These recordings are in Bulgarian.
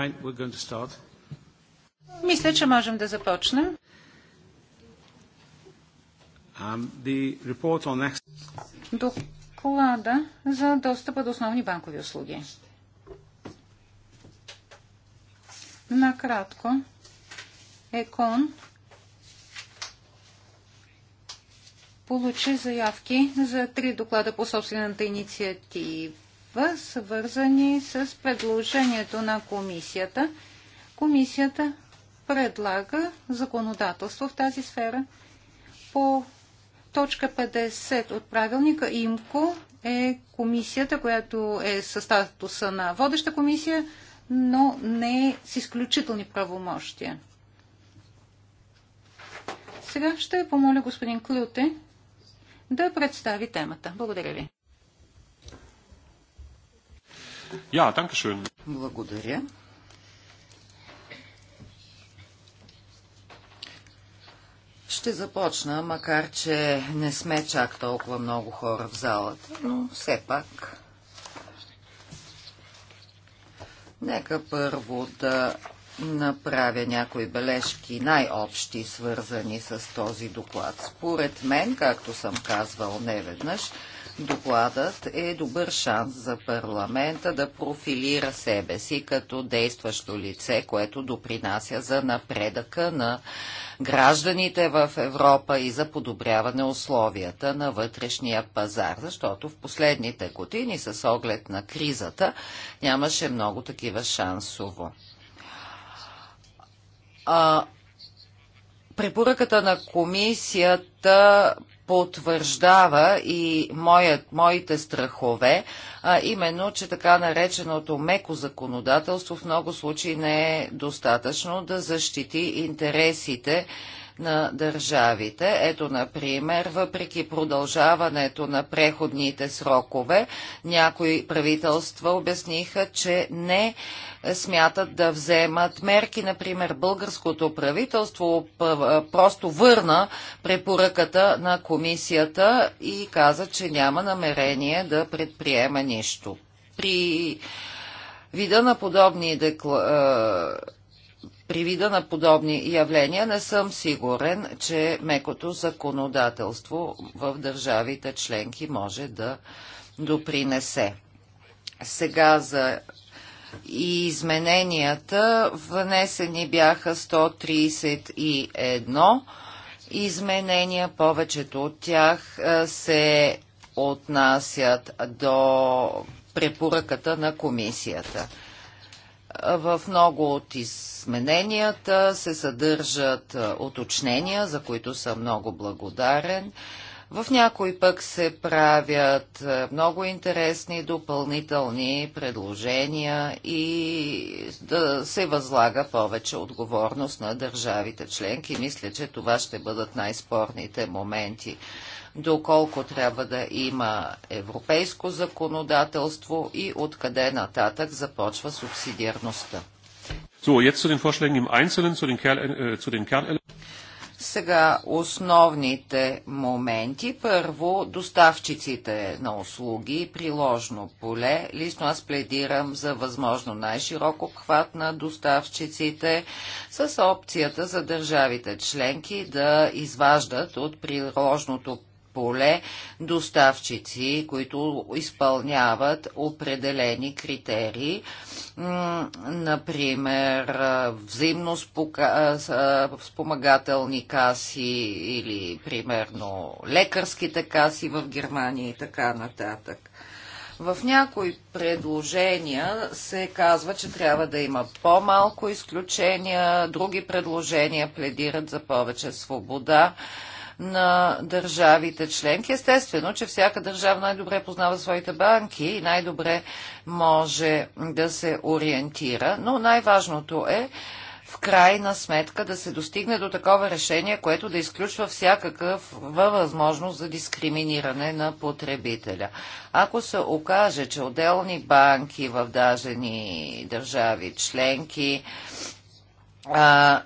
Fine, we're going to start. Мисля, че можем да започнем. Um, the report on Доклада за достъпа до основни банкови услуги. Накратко, ЕКОН получи заявки за три доклада по собствената инициатива свързани с предложението на комисията. Комисията предлага законодателство в тази сфера. По точка 50 от правилника ИМКО е комисията, която е със статуса на водеща комисия, но не е с изключителни правомощия. Сега ще помоля господин Клюте да представи темата. Благодаря ви. Ja, Благодаря. Ще започна, макар че не сме чак толкова много хора в залата, но все пак. Нека първо да направя някои бележки, най-общи, свързани с този доклад. Според мен, както съм казвал неведнъж, Докладът е добър шанс за парламента да профилира себе си като действащо лице, което допринася за напредъка на гражданите в Европа и за подобряване условията на вътрешния пазар, защото в последните години с оглед на кризата нямаше много такива шансово. А, препоръката на комисията потвърждава и моят, моите страхове, а именно, че така нареченото меко законодателство в много случаи не е достатъчно да защити интересите на държавите. Ето, например, въпреки продължаването на преходните срокове, някои правителства обясниха, че не смятат да вземат мерки. Например, българското правителство просто върна препоръката на комисията и каза, че няма намерение да предприема нищо. При вида на подобни декла при вида на подобни явления не съм сигурен, че мекото законодателство в държавите членки може да допринесе. Сега за и измененията внесени бяха 131 изменения. Повечето от тях е, се отнасят до препоръката на комисията. В много от измененията се съдържат уточнения, за които съм много благодарен. В някои пък се правят много интересни допълнителни предложения и да се възлага повече отговорност на държавите членки. Мисля, че това ще бъдат най-спорните моменти доколко трябва да има европейско законодателство и откъде нататък започва субсидиарността. Сега основните моменти. Първо, доставчиците на услуги, приложно поле. Лично аз пледирам за възможно най-широк обхват на доставчиците с опцията за държавите членки да изваждат от приложното поле доставчици, които изпълняват определени критерии, например взаимно спомагателни каси или примерно лекарските каси в Германия и така нататък. В някои предложения се казва, че трябва да има по-малко изключения, други предложения пледират за повече свобода на държавите членки. Естествено, че всяка държава най-добре познава своите банки и най-добре може да се ориентира, но най-важното е в крайна сметка да се достигне до такова решение, което да изключва всякакъв възможност за дискриминиране на потребителя. Ако се окаже, че отделни банки в дажени държави членки а,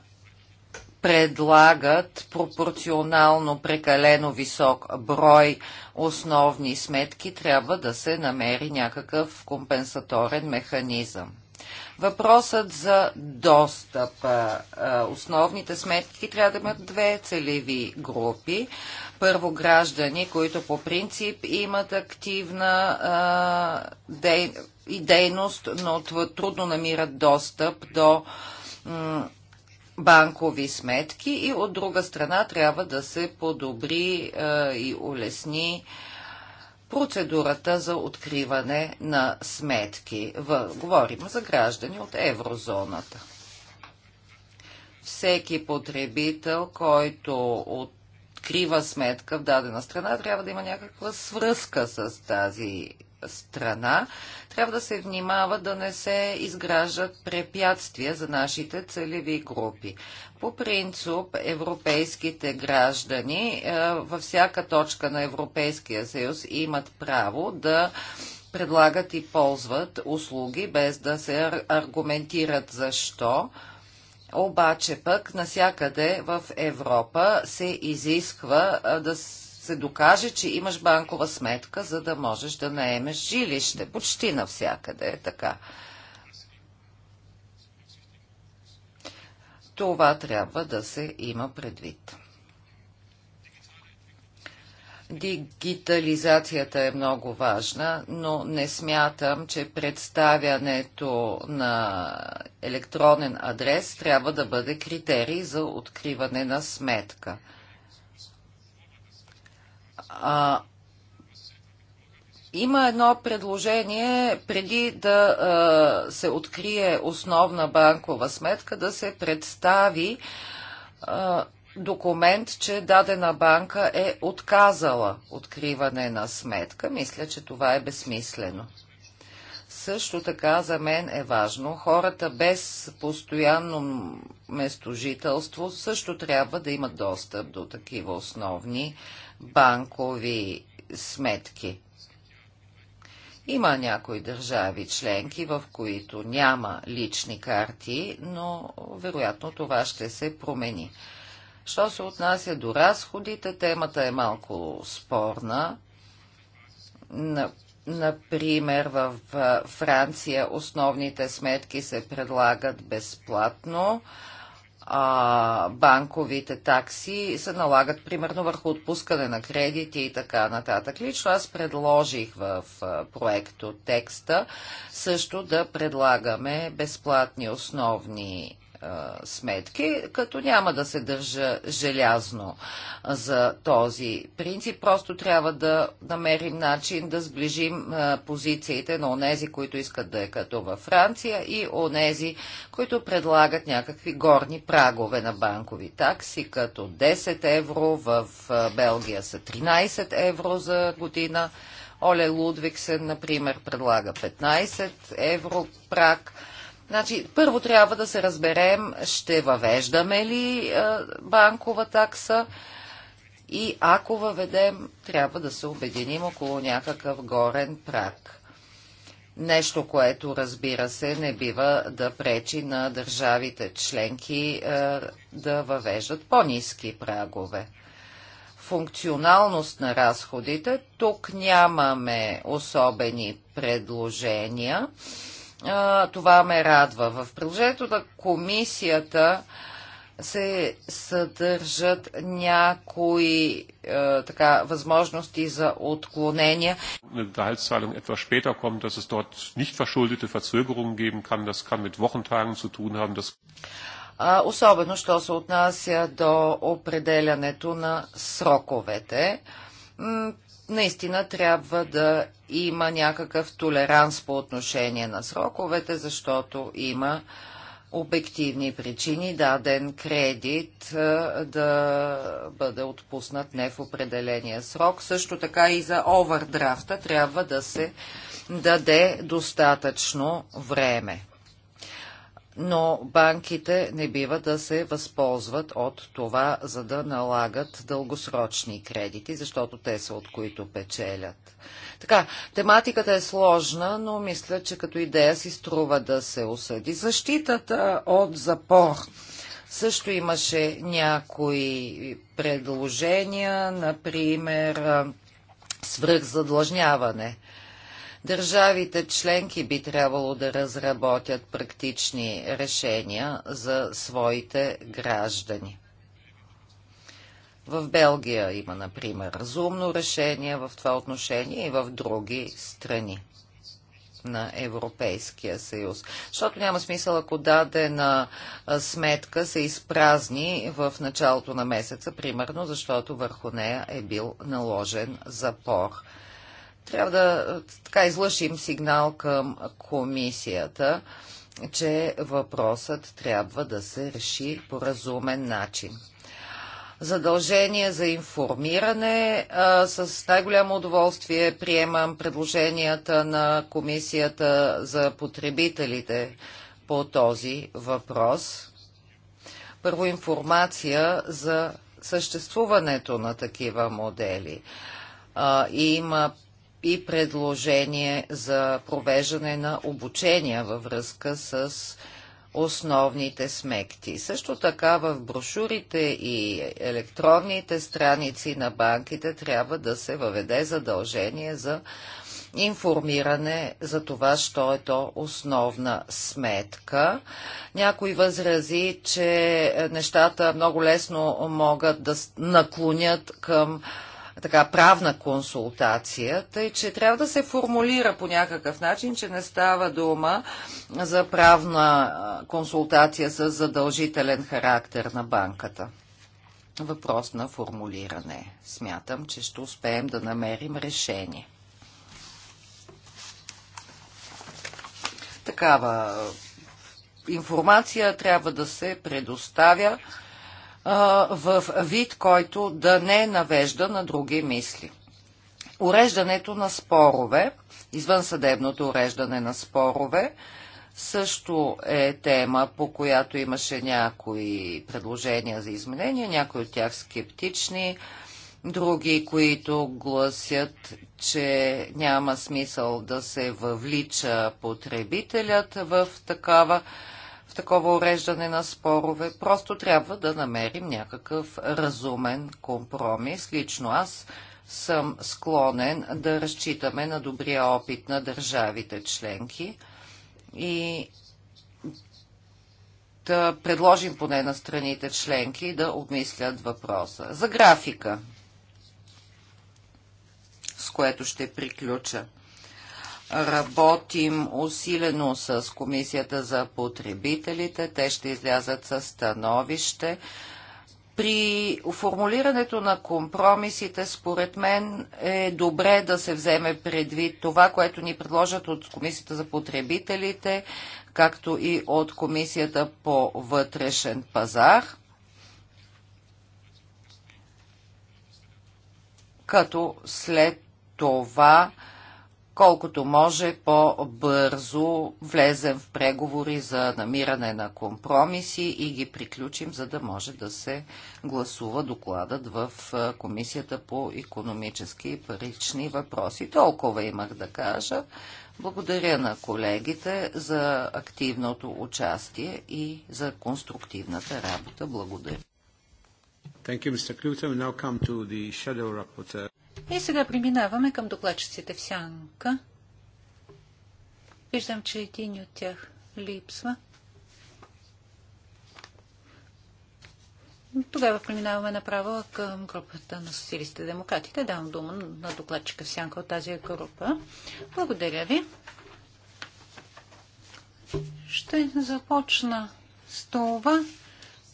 предлагат пропорционално прекалено висок брой основни сметки, трябва да се намери някакъв компенсаторен механизъм. Въпросът за достъп. Основните сметки трябва да имат две целеви групи. Първо граждани, които по принцип имат активна дей... дейност, но трудно намират достъп до банкови сметки и от друга страна трябва да се подобри е, и улесни процедурата за откриване на сметки. В, говорим за граждани от еврозоната. Всеки потребител, който открива сметка в дадена страна, трябва да има някаква свръзка с тази страна, трябва да се внимава да не се изграждат препятствия за нашите целеви групи. По принцип, европейските граждани е, във всяка точка на Европейския съюз имат право да предлагат и ползват услуги, без да се аргументират защо. Обаче пък насякъде в Европа се изисква е, да се се докаже, че имаш банкова сметка, за да можеш да наемеш жилище. Почти навсякъде е така. Това трябва да се има предвид. Дигитализацията е много важна, но не смятам, че представянето на електронен адрес трябва да бъде критерий за откриване на сметка. А, има едно предложение преди да а, се открие основна банкова сметка да се представи а, документ, че дадена банка е отказала откриване на сметка. Мисля, че това е безсмислено. Също така за мен е важно хората без постоянно местожителство също трябва да имат достъп до такива основни банкови сметки. Има някои държави членки, в които няма лични карти, но вероятно това ще се промени. Що се отнася до разходите, темата е малко спорна. Например, в Франция основните сметки се предлагат безплатно а, банковите такси се налагат примерно върху отпускане на кредити и така нататък. Лично аз предложих в проекто текста също да предлагаме безплатни основни сметки, като няма да се държа желязно за този принцип. Просто трябва да намерим начин да сближим позициите на онези, които искат да е като във Франция и онези, които предлагат някакви горни прагове на банкови такси, като 10 евро, в Белгия са 13 евро за година. Оле Лудвиксен, например, предлага 15 евро прак. Значи, първо трябва да се разберем, ще въвеждаме ли е, банкова такса и ако въведем, трябва да се обединим около някакъв горен прак. Нещо, което разбира се не бива да пречи на държавите членки а, е, да въвеждат по-низки прагове. Функционалност на разходите. Тук нямаме особени предложения това ме радва. В приложението на комисията се съдържат някои е, така, възможности за отклонения. kann, das kann haben. Das... А, особено, що се отнася до определянето на сроковете. наистина трябва да има някакъв толеранс по отношение на сроковете, защото има обективни причини даден кредит е, да бъде отпуснат не в определения срок. Също така и за овърдрафта трябва да се даде достатъчно време. Но банките не бива да се възползват от това, за да налагат дългосрочни кредити, защото те са от които печелят. Така, тематиката е сложна, но мисля, че като идея си струва да се осъди. Защитата от запор. Също имаше някои предложения, например свръхзадлъжняване. Държавите членки би трябвало да разработят практични решения за своите граждани. В Белгия има, например, разумно решение в това отношение и в други страни на Европейския съюз. Защото няма смисъл, ако дадена сметка се изпразни в началото на месеца, примерно, защото върху нея е бил наложен запор. Трябва да така излъшим сигнал към комисията, че въпросът трябва да се реши по разумен начин задължение за информиране. А, с най-голямо удоволствие приемам предложенията на Комисията за потребителите по този въпрос. Първо информация за съществуването на такива модели. А, има и предложение за провеждане на обучения във връзка с основните смекти. Също така в брошурите и електронните страници на банките трябва да се въведе задължение за информиране за това, що е то основна сметка. Някой възрази, че нещата много лесно могат да наклонят към така правна консултация, тъй че трябва да се формулира по някакъв начин, че не става дума за правна консултация с задължителен характер на банката. Въпрос на формулиране. Смятам, че ще успеем да намерим решение. Такава информация трябва да се предоставя в вид, който да не навежда на други мисли. Уреждането на спорове, извънсъдебното уреждане на спорове, също е тема, по която имаше някои предложения за изменения, някои от тях скептични, други, които гласят, че няма смисъл да се въвлича потребителят в такава такова уреждане на спорове. Просто трябва да намерим някакъв разумен компромис. Лично аз съм склонен да разчитаме на добрия опит на държавите членки и да предложим поне на страните членки да обмислят въпроса. За графика, с което ще приключа. Работим усилено с Комисията за потребителите. Те ще излязат със становище. При формулирането на компромисите, според мен, е добре да се вземе предвид това, което ни предложат от Комисията за потребителите, както и от Комисията по вътрешен пазар. Като след това колкото може по-бързо влезем в преговори за намиране на компромиси и ги приключим, за да може да се гласува докладът в Комисията по економически и парични въпроси. Толкова имах да кажа. Благодаря на колегите за активното участие и за конструктивната работа. Благодаря. Thank you, Mr. We now come to the shadow rapporteur. И сега преминаваме към докладчиците в сянка. Виждам, че един от тях липсва. Тогава преминаваме направо към групата на социалистите демократите. Давам дума на докладчика в сянка от тази група. Благодаря ви. Ще започна с това,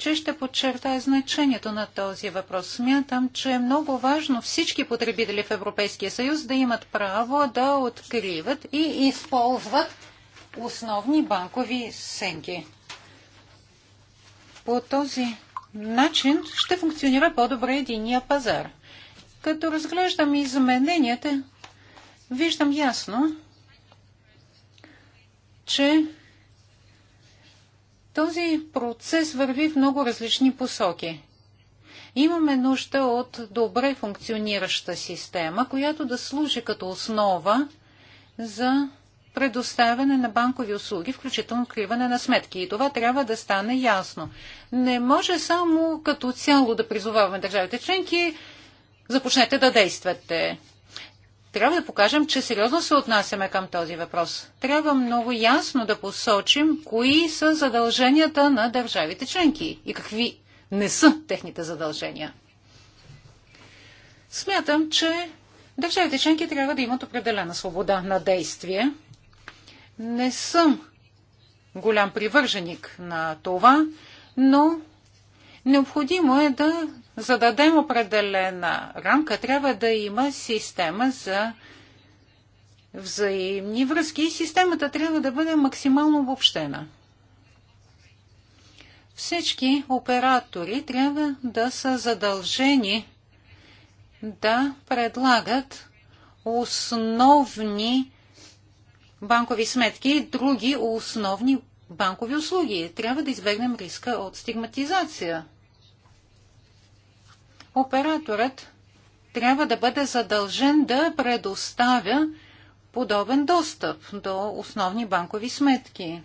че ще подчертая значението на този въпрос. Смятам, че е много важно всички потребители в Европейския съюз да имат право да откриват и използват основни банкови сенки. По този начин ще функционира по-добре единия пазар. Като разглеждам измененията, виждам ясно, че този процес върви в много различни посоки. Имаме нужда от добре функционираща система, която да служи като основа за предоставяне на банкови услуги, включително откриване на сметки. И това трябва да стане ясно. Не може само като цяло да призоваваме държавите членки, започнете да действате трябва да покажем, че сериозно се отнасяме към този въпрос. Трябва много ясно да посочим кои са задълженията на държавите членки и какви не са техните задължения. Смятам, че държавите членки трябва да имат определена свобода на действие. Не съм голям привърженик на това, но Необходимо е да зададем определена рамка. Трябва да има система за взаимни връзки и системата трябва да бъде максимално обобщена. Всички оператори трябва да са задължени да предлагат основни банкови сметки и други основни банкови услуги. Трябва да избегнем риска от стигматизация. Операторът трябва да бъде задължен да предоставя подобен достъп до основни банкови сметки.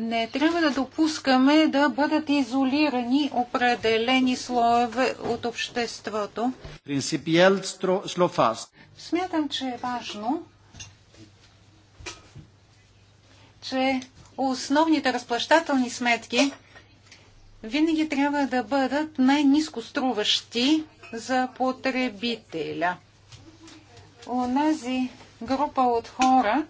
не трябва да допускаме да бъдат изолирани определени слоеве от обществото. Смятам, че е важно, че основните разплащателни сметки винаги трябва да бъдат най-низко струващи за потребителя. Унази група от хора,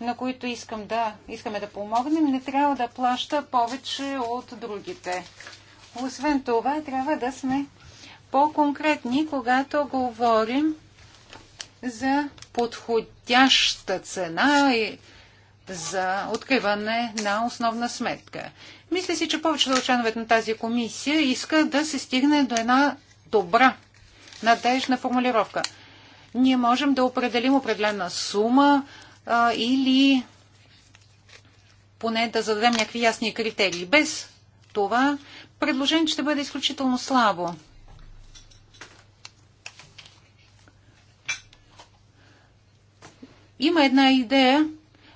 на които искам да, искаме да помогнем, не трябва да плаща повече от другите. Освен това, трябва да сме по-конкретни, когато говорим за подходяща цена и за откриване на основна сметка. Мисля си, че повечето от членовете на тази комисия иска да се стигне до една добра, надежна формулировка. Ние можем да определим определена сума, а, или поне да зададем някакви ясни критерии. Без това предложението ще бъде изключително слабо. Има една идея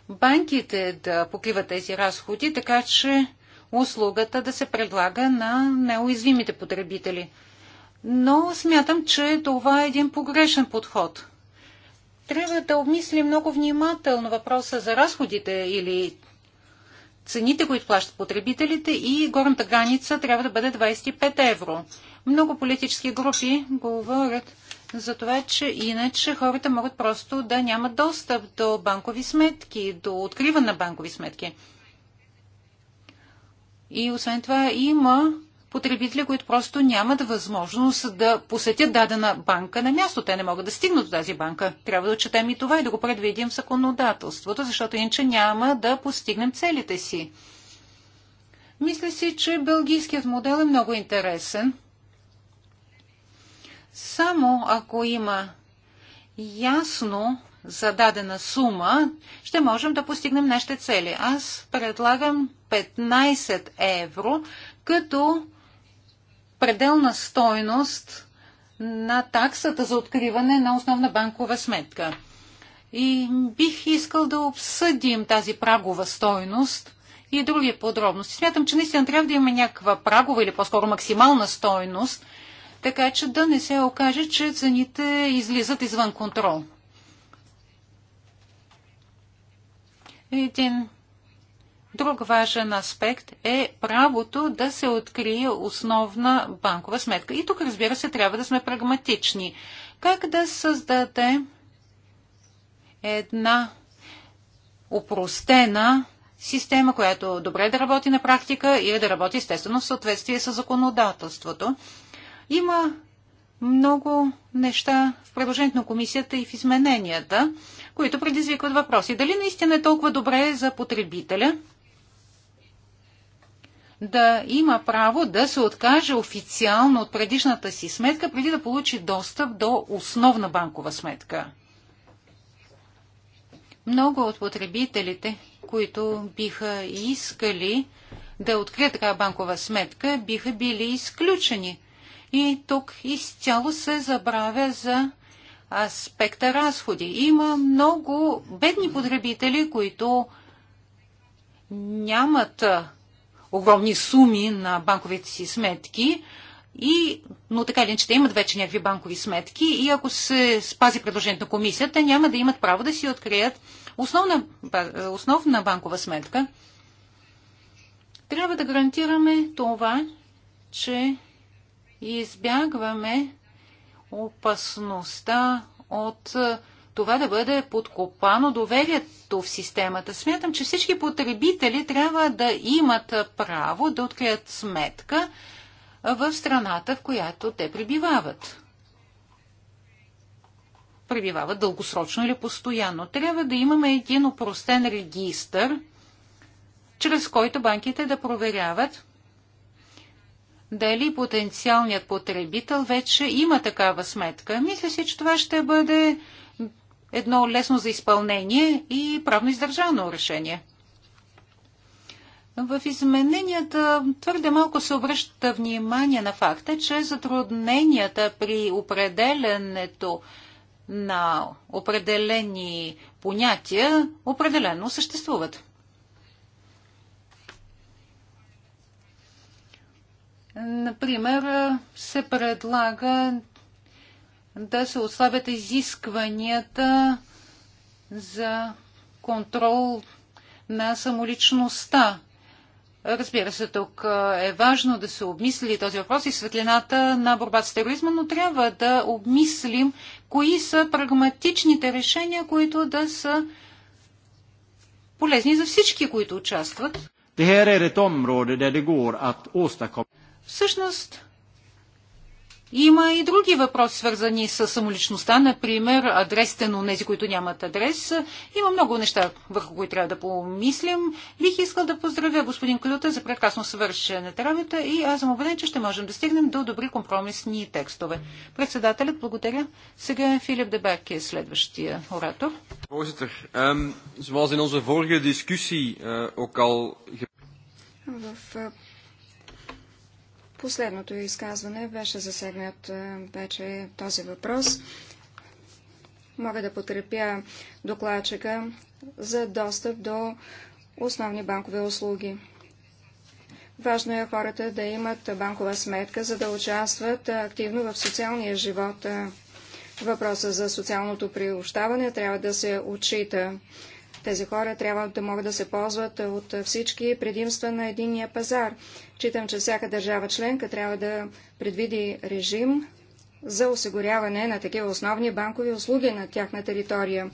банките да покриват тези разходи, така че услугата да се предлага на неуязвимите потребители. Но смятам, че това е един погрешен подход трябва да обмислим много внимателно въпроса за разходите или цените, които плащат потребителите и горната граница трябва да бъде 25 евро. Много политически групи говорят за това, че иначе хората могат просто да нямат достъп до банкови сметки, до откриване на банкови сметки. И освен това има потребители, които просто нямат възможност да посетят дадена банка на място. Те не могат да стигнат до тази банка. Трябва да отчетем и това и да го предвидим в законодателството, защото иначе няма да постигнем целите си. Мисля си, че бългийският модел е много интересен. Само ако има ясно за дадена сума, ще можем да постигнем нашите цели. Аз предлагам 15 евро, като пределна стойност на таксата за откриване на основна банкова сметка. И бих искал да обсъдим тази прагова стойност и други подробности. Смятам, че наистина трябва да имаме някаква прагова или по-скоро максимална стойност, така че да не се окаже, че цените излизат извън контрол. Един Друг важен аспект е правото да се открие основна банкова сметка. И тук, разбира се, трябва да сме прагматични. Как да създаде една упростена система, която добре да работи на практика и да работи естествено в съответствие с законодателството. Има много неща в предложението на комисията и в измененията, които предизвикват въпроси. Дали наистина е толкова добре за потребителя? да има право да се откаже официално от предишната си сметка, преди да получи достъп до основна банкова сметка. Много от потребителите, които биха искали да открият такава банкова сметка, биха били изключени. И тук изцяло се забравя за аспекта разходи. Има много бедни потребители, които нямат огромни суми на банковите си сметки, и, но така или иначе те имат вече някакви банкови сметки и ако се спази предложението на комисията, няма да имат право да си открият основна, основна банкова сметка. Трябва да гарантираме това, че избягваме опасността от това да бъде подкопано доверието в системата. Смятам, че всички потребители трябва да имат право да открият сметка в страната, в която те прибивават. Прибивават дългосрочно или постоянно. Трябва да имаме един упростен регистр, чрез който банките да проверяват дали потенциалният потребител вече има такава сметка. Мисля си, че това ще бъде едно лесно за изпълнение и правно издържано решение. В измененията твърде малко се обръща внимание на факта, че затрудненията при определенето на определени понятия определено съществуват. Например, се предлага да се отслабят изискванията за контрол на самоличността. Разбира се, тук е важно да се обмисли този въпрос и светлината на борбата с тероризма, но трябва да обмислим кои са прагматичните решения, които да са полезни за всички, които участват. Всъщност, има и други въпроси, свързани с самоличността, например адресите на тези, които нямат адрес. Има много неща, върху които трябва да помислим. Бих искал да поздравя господин Клюта за прекрасно свършената работа и аз съм убеден, че ще можем да стигнем до добри компромисни текстове. Председателят, благодаря. Сега Филип Дебек, е следващия оратор. Ehm, eh, В Последното изказване беше засегнат вече този въпрос. Мога да подкрепя докладчика за достъп до основни банкови услуги. Важно е хората да имат банкова сметка, за да участват активно в социалния живот. Въпроса за социалното приобщаване трябва да се отчита. Тези хора трябва да могат да се ползват от всички предимства на единния пазар. Читам, че всяка държава членка трябва да предвиди режим за осигуряване на такива основни банкови услуги на тяхна територия.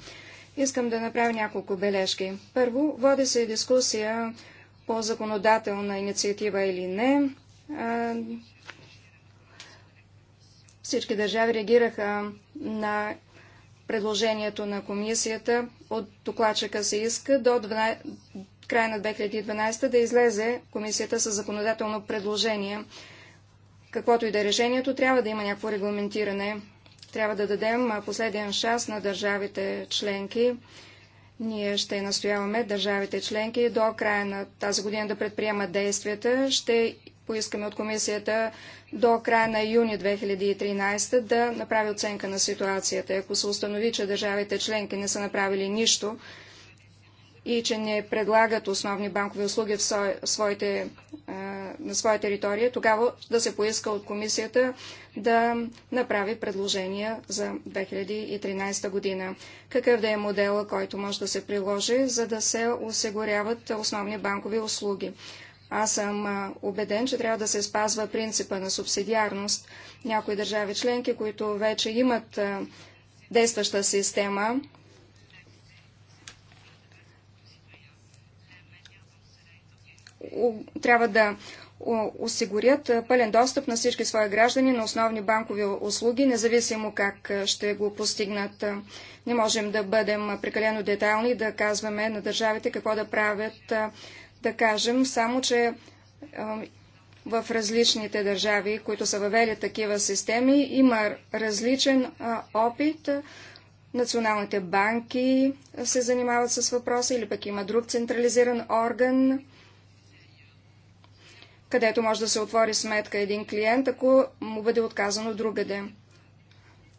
Искам да направя няколко бележки. Първо, води се дискусия по законодателна инициатива или не. Всички държави реагираха на предложението на комисията. От докладчика се иска до 12, края на 2012 да излезе комисията с законодателно предложение. Каквото и да е решението, трябва да има някакво регламентиране. Трябва да дадем последен шанс на държавите членки. Ние ще настояваме държавите членки до края на тази година да предприемат действията. Ще поискаме от комисията до края на юни 2013 да направи оценка на ситуацията. Ако се установи, че държавите членки не са направили нищо и че не предлагат основни банкови услуги в своите, на своя територия, тогава да се поиска от комисията да направи предложения за 2013 година. Какъв да е модела, който може да се приложи, за да се осигуряват основни банкови услуги. Аз съм убеден, че трябва да се спазва принципа на субсидиарност. Някои държави членки, които вече имат действаща система, трябва да осигурят пълен достъп на всички свои граждани на основни банкови услуги, независимо как ще го постигнат. Не можем да бъдем прекалено детайлни да казваме на държавите какво да правят да кажем само, че е, в различните държави, които са въвели такива системи, има различен е, опит. Националните банки се занимават с въпроса или пък има друг централизиран орган, където може да се отвори сметка един клиент, ако му бъде отказано другаде.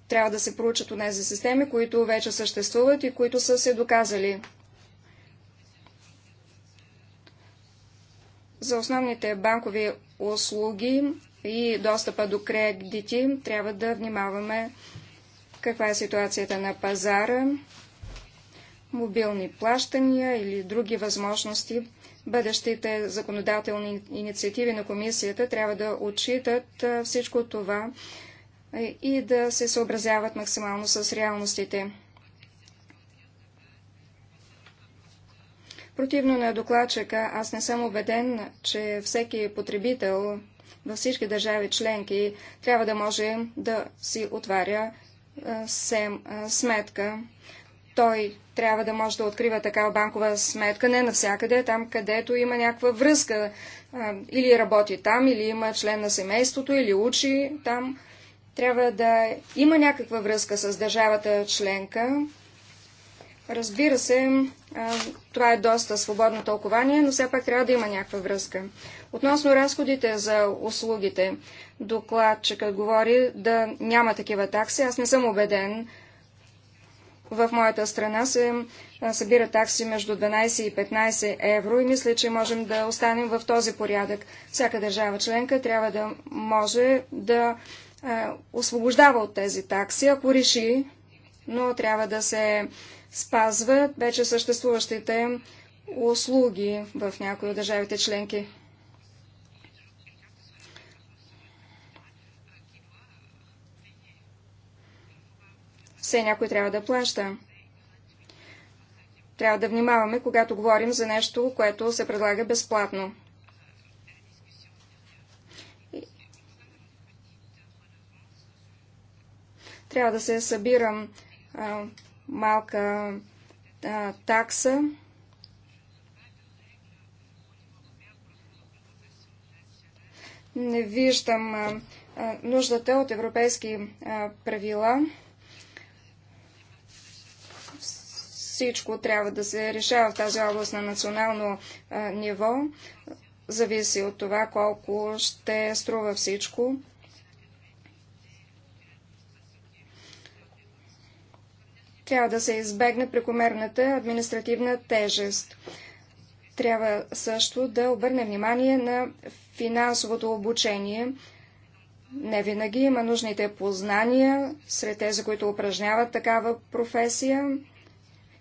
Трябва да се проучат от тези системи, които вече съществуват и които са се доказали. За основните банкови услуги и достъпа до кредити трябва да внимаваме каква е ситуацията на пазара, мобилни плащания или други възможности. Бъдещите законодателни инициативи на комисията трябва да отчитат всичко това и да се съобразяват максимално с реалностите. Противно на докладчика, аз не съм убеден, че всеки потребител във всички държави членки трябва да може да си отваря сем, сметка. Той трябва да може да открива такава банкова сметка, не навсякъде, там където има някаква връзка. или работи там, или има член на семейството, или учи там. Трябва да има някаква връзка с държавата членка, Разбира се, това е доста свободно тълкование, но все пак трябва да има някаква връзка. Относно разходите за услугите, докладчикът говори да няма такива такси. Аз не съм убеден. В моята страна се събира такси между 12 и 15 евро и мисля, че можем да останем в този порядък. Всяка държава членка трябва да може да освобождава от тези такси, ако реши, но трябва да се спазва вече съществуващите услуги в някои от държавите членки. Все някой трябва да плаща. Трябва да внимаваме, когато говорим за нещо, което се предлага безплатно. Трябва да се събирам малка а, такса. Не виждам а, нуждата от европейски а, правила. Всичко трябва да се решава в тази област на национално а, ниво. Зависи от това колко ще струва всичко. Трябва да се избегне прекомерната административна тежест. Трябва също да обърне внимание на финансовото обучение. Не винаги има нужните познания сред тези, които упражняват такава професия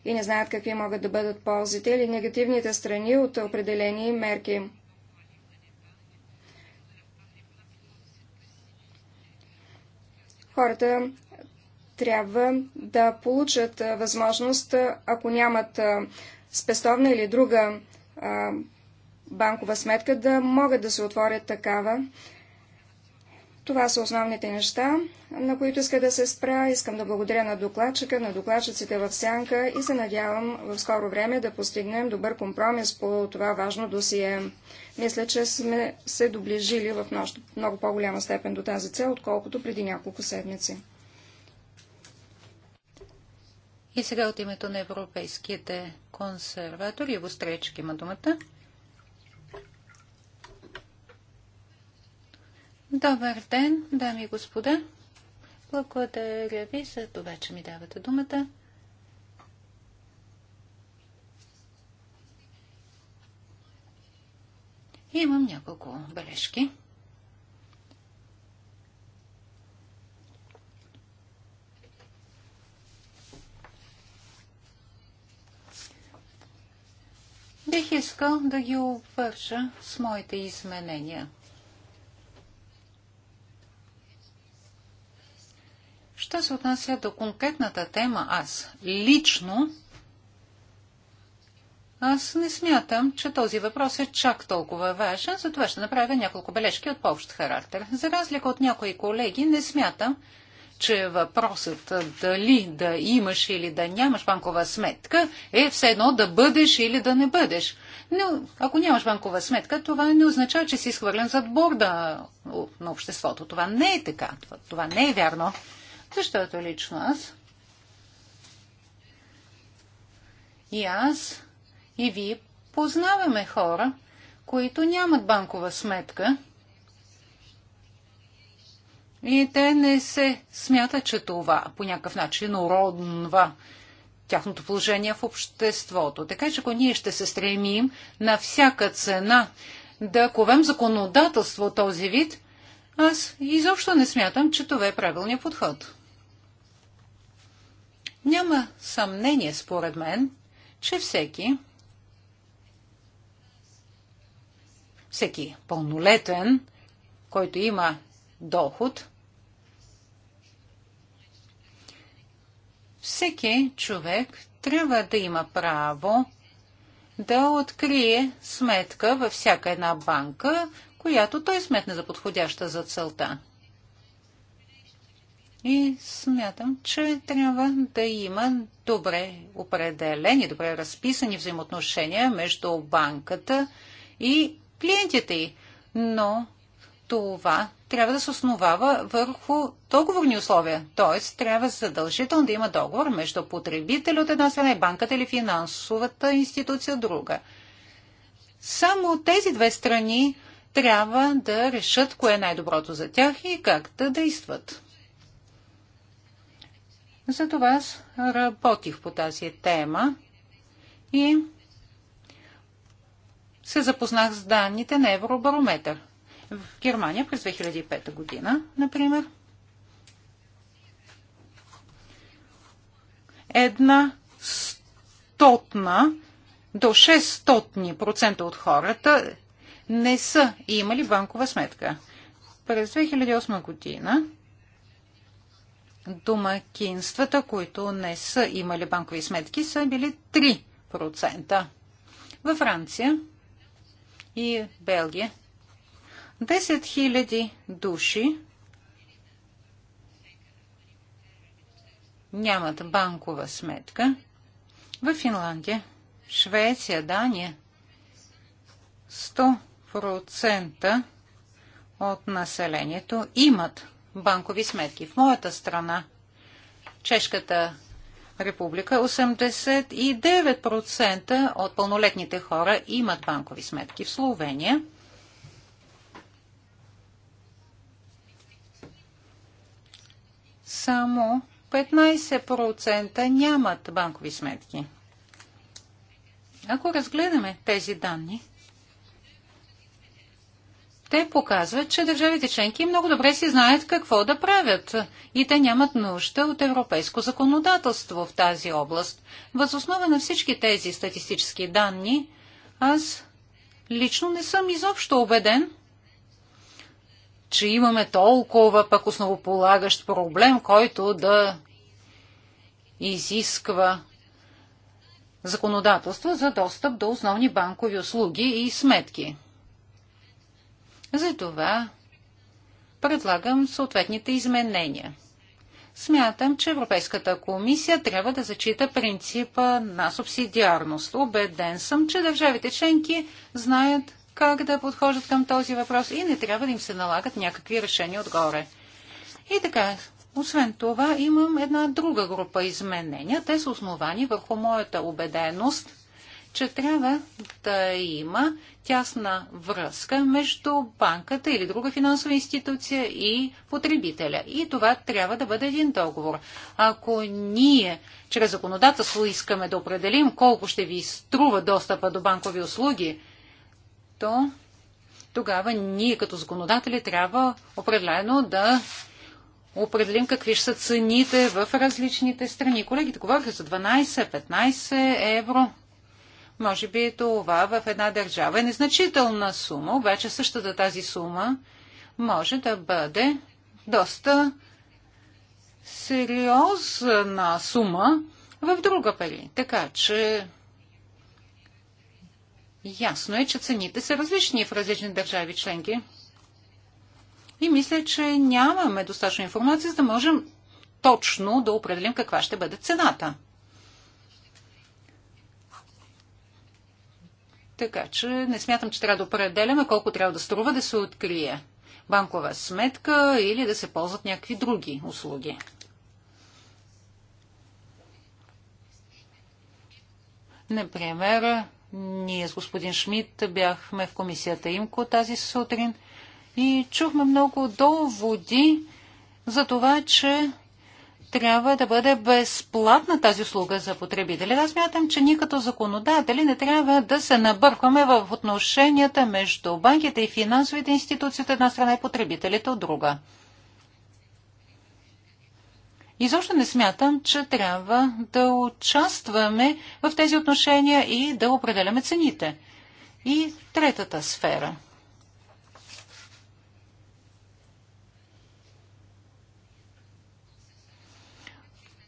и не знаят какви могат да бъдат ползите или негативните страни от определени мерки. Хората трябва да получат възможност, ако нямат спестовна или друга банкова сметка, да могат да се отворят такава. Това са основните неща, на които иска да се спра. Искам да благодаря на докладчика, на докладчиците в Сянка и се надявам в скоро време да постигнем добър компромис по това важно досие. Мисля, че сме се доближили в много по-голяма степен до тази цел, отколкото преди няколко седмици. И сега от името на европейските консерватори и има думата. Добър ден, дами и господа. Благодаря ви за това, че ми давате думата. Имам няколко бележки. Бих искал да ги обвържа с моите изменения. Що се отнася до конкретната тема аз лично, аз не смятам, че този въпрос е чак толкова важен, затова ще направя няколко бележки от по-общ характер. За разлика от някои колеги, не смятам, че въпросът дали да имаш или да нямаш банкова сметка е все едно да бъдеш или да не бъдеш. Но ако нямаш банкова сметка, това не означава, че си изхвърлен зад борда на обществото. Това не е така. Това не е вярно. Защото лично аз и аз и вие познаваме хора, които нямат банкова сметка – и те не се смятат, че това по някакъв начин уродва тяхното положение в обществото. Така че ако ние ще се стремим на всяка цена да ковем законодателство този вид, аз изобщо не смятам, че това е правилният подход. Няма съмнение, според мен, че всеки, всеки пълнолетен, който има доход, Всеки човек трябва да има право да открие сметка във всяка една банка, която той сметне за подходяща за целта. И смятам, че трябва да има добре определени, добре разписани взаимоотношения между банката и клиентите й. Но това трябва да се основава върху договорни условия. Т.е. трябва задължително да има договор между потребителя от една страна и банката или финансовата институция от друга. Само тези две страни трябва да решат кое е най-доброто за тях и как да действат. Затова аз работих по тази тема и се запознах с данните на Евробарометър. В Германия през 2005 година, например, една стотна до 600% от хората не са имали банкова сметка. През 2008 година домакинствата, които не са имали банкови сметки, са били 3%. Във Франция и Белгия 10 000 души нямат банкова сметка. В Финландия, Швеция, Дания 100% от населението имат банкови сметки. В моята страна, Чешката република, 89% от пълнолетните хора имат банкови сметки. В Словения само 15% нямат банкови сметки. Ако разгледаме тези данни, те показват, че държавите членки много добре си знаят какво да правят и те нямат нужда от европейско законодателство в тази област. Възоснова на всички тези статистически данни, аз лично не съм изобщо убеден, че имаме толкова пък основополагащ проблем, който да изисква законодателство за достъп до основни банкови услуги и сметки. Затова предлагам съответните изменения. Смятам, че Европейската комисия трябва да зачита принципа на субсидиарност. Обеден съм, че държавите членки знаят как да подхождат към този въпрос и не трябва да им се налагат някакви решения отгоре. И така, освен това, имам една друга група изменения. Те са основани върху моята убеденост, че трябва да има тясна връзка между банката или друга финансова институция и потребителя. И това трябва да бъде един договор. Ако ние чрез законодателство искаме да определим колко ще ви струва достъпа до банкови услуги, то тогава ние като законодатели трябва определено да определим какви ще са цените в различните страни. Колегите говориха за 12-15 евро. Може би това в една държава е незначителна сума, обаче същата тази сума може да бъде доста сериозна сума в друга пари. Така че Ясно е, че цените са различни в различни държави членки. И мисля, че нямаме достатъчно информация, за да можем точно да определим каква ще бъде цената. Така че не смятам, че трябва да определяме колко трябва да струва да се открие банкова сметка или да се ползват някакви други услуги. Например, ние с господин Шмидт бяхме в комисията Имко тази сутрин и чухме много доводи за това, че трябва да бъде безплатна тази услуга за потребители. Аз мятам, че ние като законодатели не трябва да се набъркваме в отношенията между банките и финансовите институции от една страна и потребителите от друга. Изобщо не смятам, че трябва да участваме в тези отношения и да определяме цените. И третата сфера.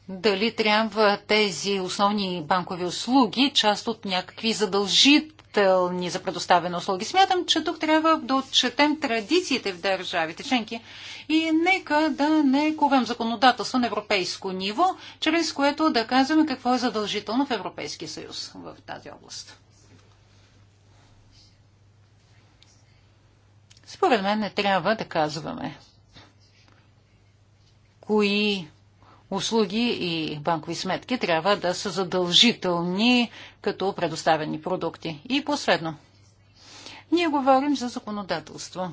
Дали трябва тези основни банкови услуги, част от някакви задължителни показателни за предоставяне услуги. Смятам, че тук трябва да отчетем традициите в държавите членки и нека да не ковем законодателство на европейско ниво, чрез което да казваме какво е задължително в Европейския съюз в тази област. Според мен не трябва да казваме кои услуги и банкови сметки трябва да са задължителни като предоставени продукти. И последно. Ние говорим за законодателство.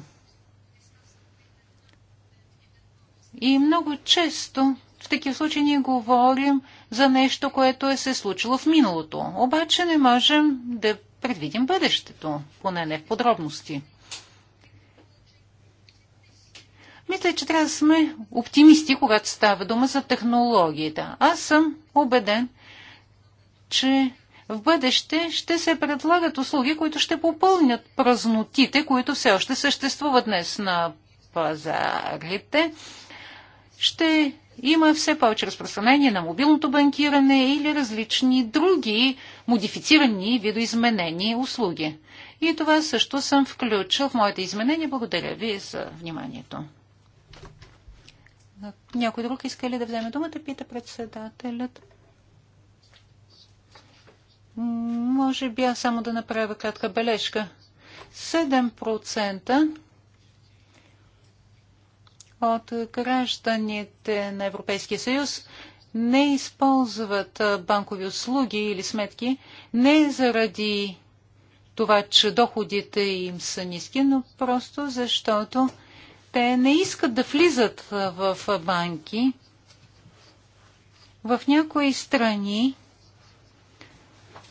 И много често в такива случаи ние говорим за нещо, което е се случило в миналото. Обаче не можем да предвидим бъдещето, поне не в подробности. Мисля, че трябва да сме оптимисти, когато става дума за технологията. Аз съм убеден, че в бъдеще ще се предлагат услуги, които ще попълнят празнотите, които все още съществуват днес на пазарите. Ще има все повече разпространение на мобилното банкиране или различни други модифицирани видоизменени услуги. И това също съм включил в моите изменения. Благодаря ви за вниманието. Някой друг иска ли да вземе думата? Пита председателят. Може би аз само да направя кратка бележка. 7% от гражданите на Европейския съюз не използват банкови услуги или сметки не заради това, че доходите им са ниски, но просто защото те не искат да влизат в банки. В някои страни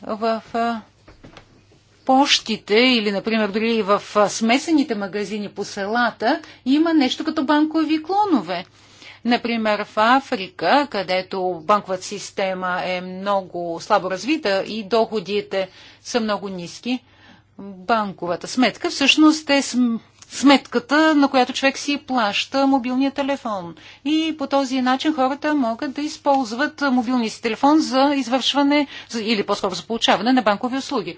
в пощите или, например, дори в смесените магазини по селата има нещо като банкови клонове. Например, в Африка, където банковата система е много слабо развита и доходите са много ниски, банковата сметка всъщност е сметката, на която човек си плаща мобилния телефон. И по този начин хората могат да използват мобилния си телефон за извършване или по-скоро за получаване на банкови услуги.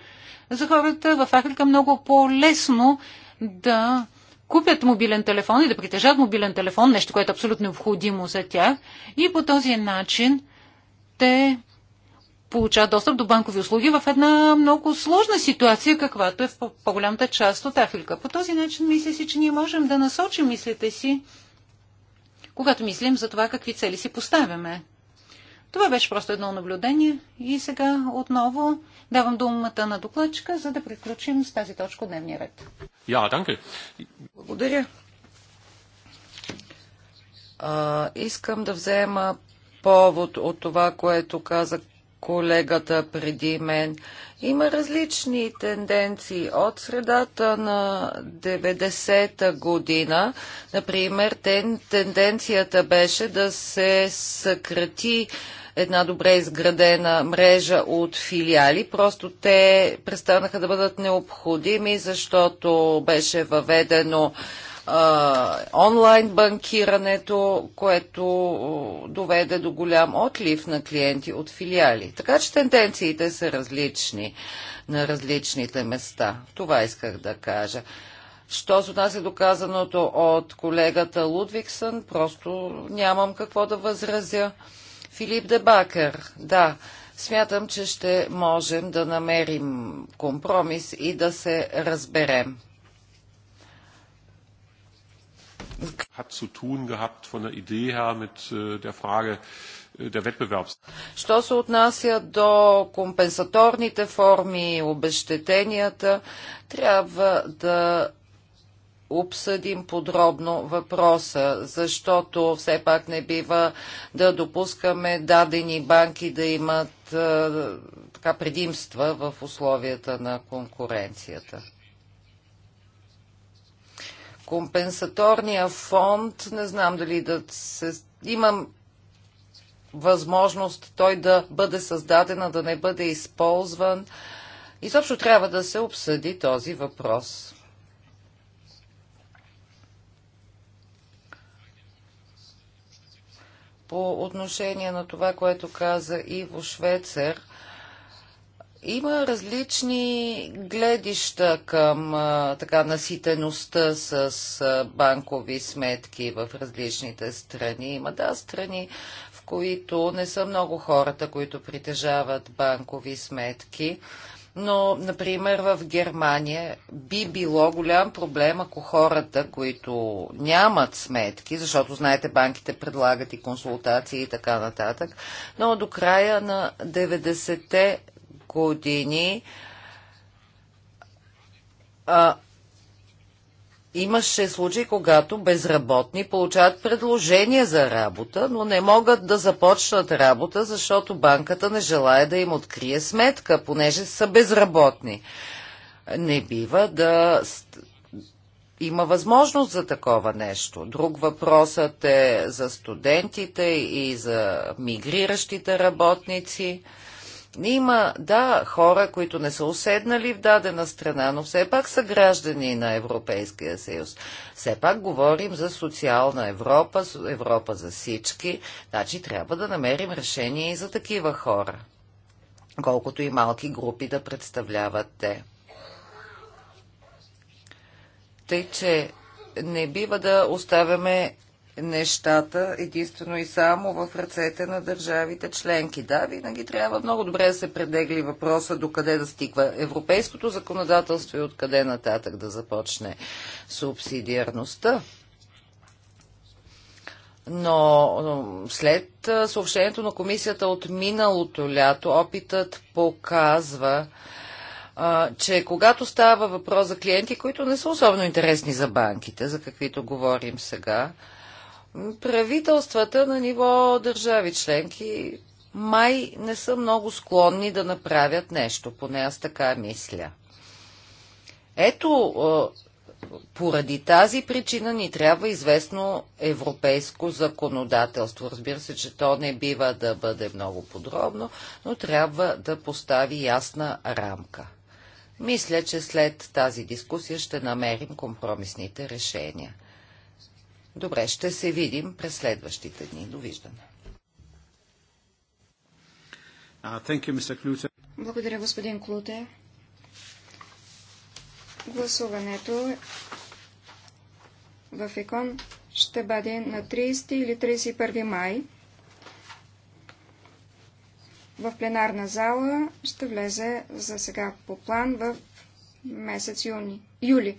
За хората в Африка е много по-лесно да купят мобилен телефон и да притежават мобилен телефон, нещо, което е абсолютно необходимо за тях. И по този начин те получават достъп до банкови услуги в една много сложна ситуация, каквато е в по-голямата част от Африка. По този начин мисля си, че ние можем да насочим мислите си, когато мислим за това какви цели си поставяме. Това беше просто едно наблюдение и сега отново давам думата на докладчика, за да приключим с тази точка от дневния ред. Я, yeah, Благодаря. А, искам да взема повод от това, което каза колегата преди мен. Има различни тенденции от средата на 90-та година. Например, тен, тенденцията беше да се съкрати една добре изградена мрежа от филиали. Просто те престанаха да бъдат необходими, защото беше въведено онлайн банкирането, което доведе до голям отлив на клиенти от филиали. Така че тенденциите са различни на различните места. Това исках да кажа. Що се отнася е доказаното от колегата Лудвиксън, просто нямам какво да възразя. Филип Дебакер, да, смятам, че ще можем да намерим компромис и да се разберем. Hat zu tun gehabt von der Idee her mit äh, der Frage äh, der Wettbewerbs. Що се отнася до компенсаторните форми, обещетенията, трябва да обсъдим подробно въпроса, защото все пак не бива да допускаме дадени банки да имат е, така, предимства в условията на конкуренцията компенсаторния фонд, не знам дали да се... Имам възможност той да бъде създаден, а да не бъде използван. Изобщо трябва да се обсъди този въпрос. По отношение на това, което каза Иво Швецер – има различни гледища към така наситеността с банкови сметки в различните страни. Има да страни, в които не са много хората, които притежават банкови сметки. Но, например, в Германия би било голям проблем, ако хората, които нямат сметки, защото, знаете, банките предлагат и консултации и така нататък, но до края на 90-те години а, имаше случаи, когато безработни получават предложения за работа, но не могат да започнат работа, защото банката не желая да им открие сметка, понеже са безработни. Не бива да има възможност за такова нещо. Друг въпросът е за студентите и за мигриращите работници – има, да, хора, които не са уседнали в дадена страна, но все пак са граждани на Европейския съюз. Все пак говорим за социална Европа, Европа за всички. Значи трябва да намерим решение и за такива хора. Колкото и малки групи да представляват те. Тъй, че не бива да оставяме нещата единствено и само в ръцете на държавите членки. Да, винаги трябва много добре да се предегли въпроса до къде да стигва европейското законодателство и откъде нататък да започне субсидиарността. Но след съобщението на комисията от миналото лято, опитът показва, че когато става въпрос за клиенти, които не са особено интересни за банките, за каквито говорим сега, правителствата на ниво държави членки май не са много склонни да направят нещо, поне аз така мисля. Ето, поради тази причина ни трябва известно европейско законодателство. Разбира се, че то не бива да бъде много подробно, но трябва да постави ясна рамка. Мисля, че след тази дискусия ще намерим компромисните решения. Добре, ще се видим през следващите дни. Довиждане. Uh, Благодаря, господин Клуте. Гласуването в икон ще бъде на 30 или 31 май. В пленарна зала ще влезе за сега по план в месец юни, юли.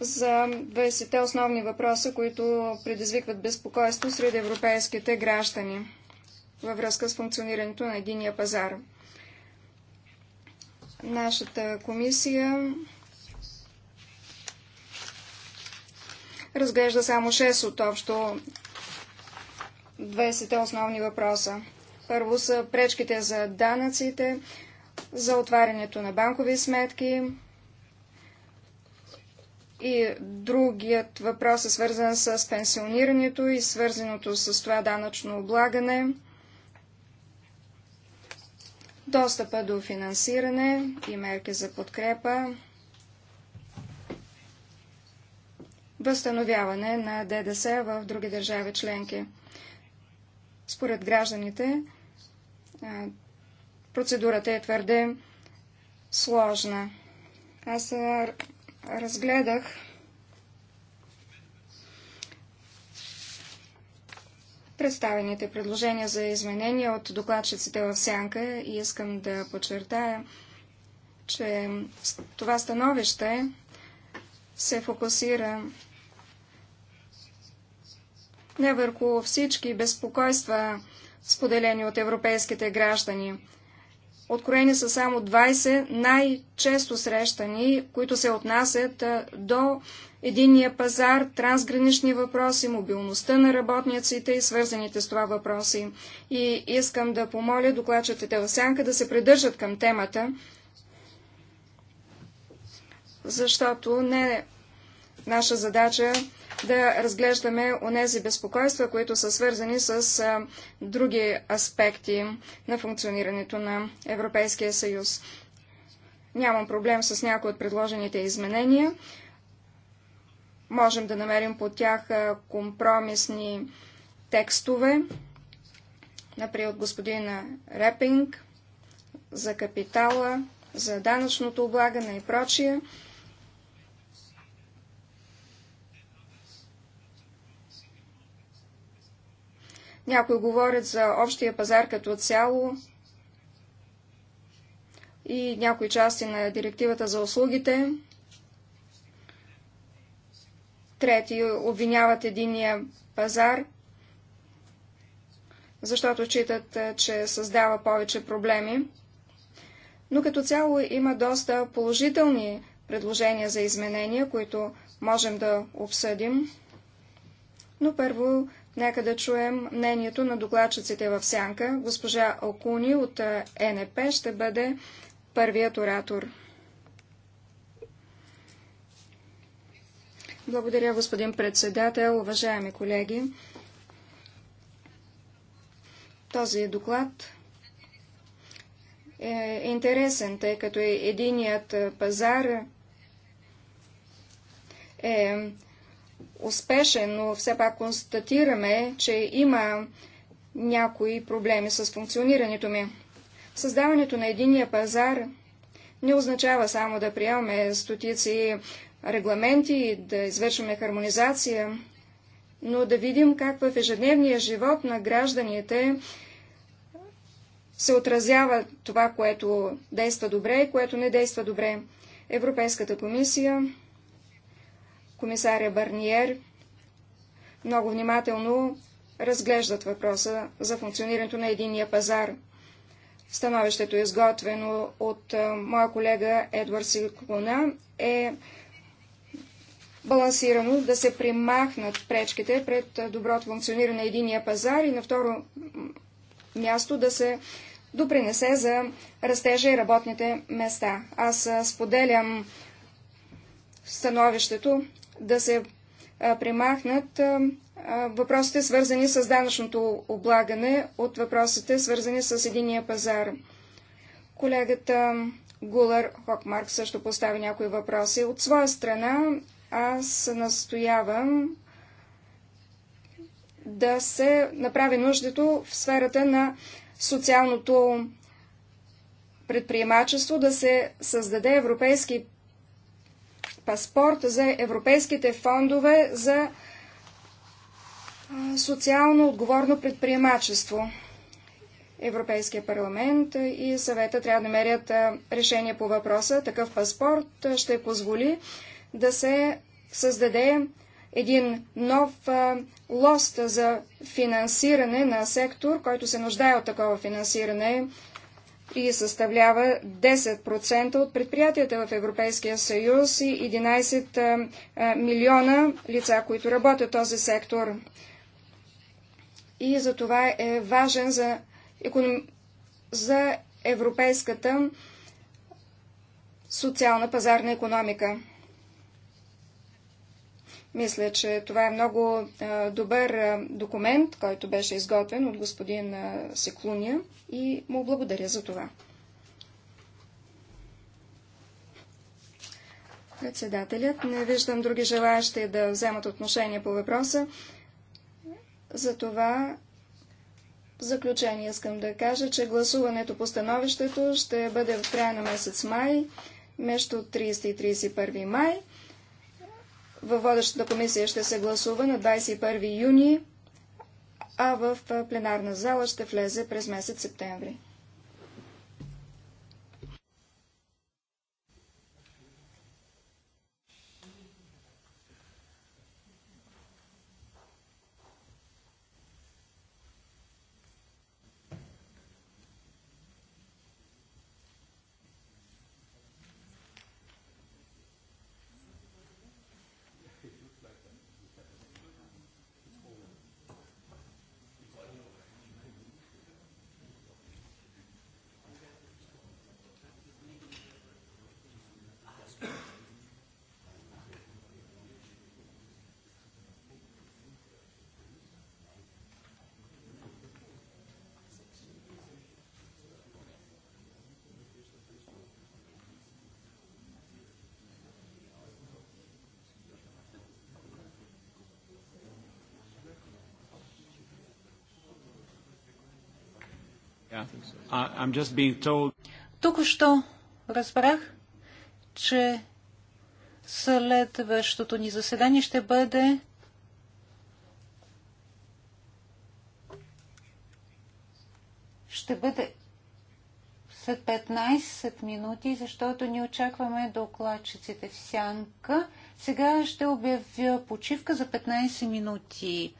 за 20-те основни въпроса, които предизвикват безпокойство сред европейските граждани във връзка с функционирането на единия пазар. Нашата комисия разглежда само 6 от общо 20-те основни въпроса. Първо са пречките за данъците, за отварянето на банкови сметки, и другият въпрос е свързан с пенсионирането и свързаното с това данъчно облагане, достъпа до финансиране и мерки за подкрепа, възстановяване на ДДС в други държави членки. Според гражданите, процедурата е твърде сложна. Аз разгледах представените предложения за изменения от докладчиците в Сянка и искам да подчертая, че това становище се фокусира не върху всички безпокойства, споделени от европейските граждани, Откроени са само 20 най-често срещани, които се отнасят до единния пазар, трансгранични въпроси, мобилността на работниците и свързаните с това въпроси. И искам да помоля докладчетите в сянка да се придържат към темата, защото не наша задача е да разглеждаме онези безпокойства, които са свързани с други аспекти на функционирането на Европейския съюз. Нямам проблем с някои от предложените изменения. Можем да намерим по тях компромисни текстове, например от господина Репинг, за капитала, за данъчното облагане и прочие. Някои говорят за общия пазар като цяло и някои части на директивата за услугите. Трети обвиняват единия пазар, защото читат, е, че създава повече проблеми. Но като цяло има доста положителни предложения за изменения, които можем да обсъдим. Но първо Нека да чуем мнението на докладчиците в сянка. Госпожа Окуни от НП ще бъде първият оратор. Благодаря, господин председател, уважаеми колеги. Този доклад е интересен, тъй като е единият пазар е успешен, но все пак констатираме, че има някои проблеми с функционирането ми. Създаването на единия пазар не означава само да приемаме стотици регламенти и да извършваме хармонизация, но да видим как в ежедневния живот на гражданите се отразява това, което действа добре и което не действа добре. Европейската комисия комисаря Барниер много внимателно разглеждат въпроса за функционирането на единния пазар. Становището, изготвено от моя колега Едвард Сиклона, е балансирано да се примахнат пречките пред доброто функциониране на единия пазар и на второ място да се допринесе за растежа и работните места. Аз споделям становището да се примахнат въпросите, свързани с данъчното облагане, от въпросите, свързани с единия пазар. Колегата Гулър Хокмарк също постави някои въпроси. От своя страна аз настоявам да се направи нуждато в сферата на социалното предприемачество, да се създаде европейски паспорт за европейските фондове за социално отговорно предприемачество. Европейския парламент и съвета трябва да намерят решение по въпроса. Такъв паспорт ще позволи да се създаде един нов лост за финансиране на сектор, който се нуждае от такова финансиране и съставлява 10% от предприятията в Европейския съюз и 11 милиона лица, които работят в този сектор. И за това е важен за, економ... за европейската социална пазарна економика. Мисля, че това е много добър документ, който беше изготвен от господин Секлуния и му благодаря за това. Председателят, не виждам други желаящи да вземат отношение по въпроса. За това в заключение искам да кажа, че гласуването по становището ще бъде в края на месец май, между 30 и 31 май във водещата комисия ще се гласува на 21 юни, а в пленарна зала ще влезе през месец септември. Току-що разбрах, че следващото ни заседание ще бъде ще бъде след 15 минути, защото ни очакваме докладчиците в сянка. Сега ще обявя почивка за 15 минути.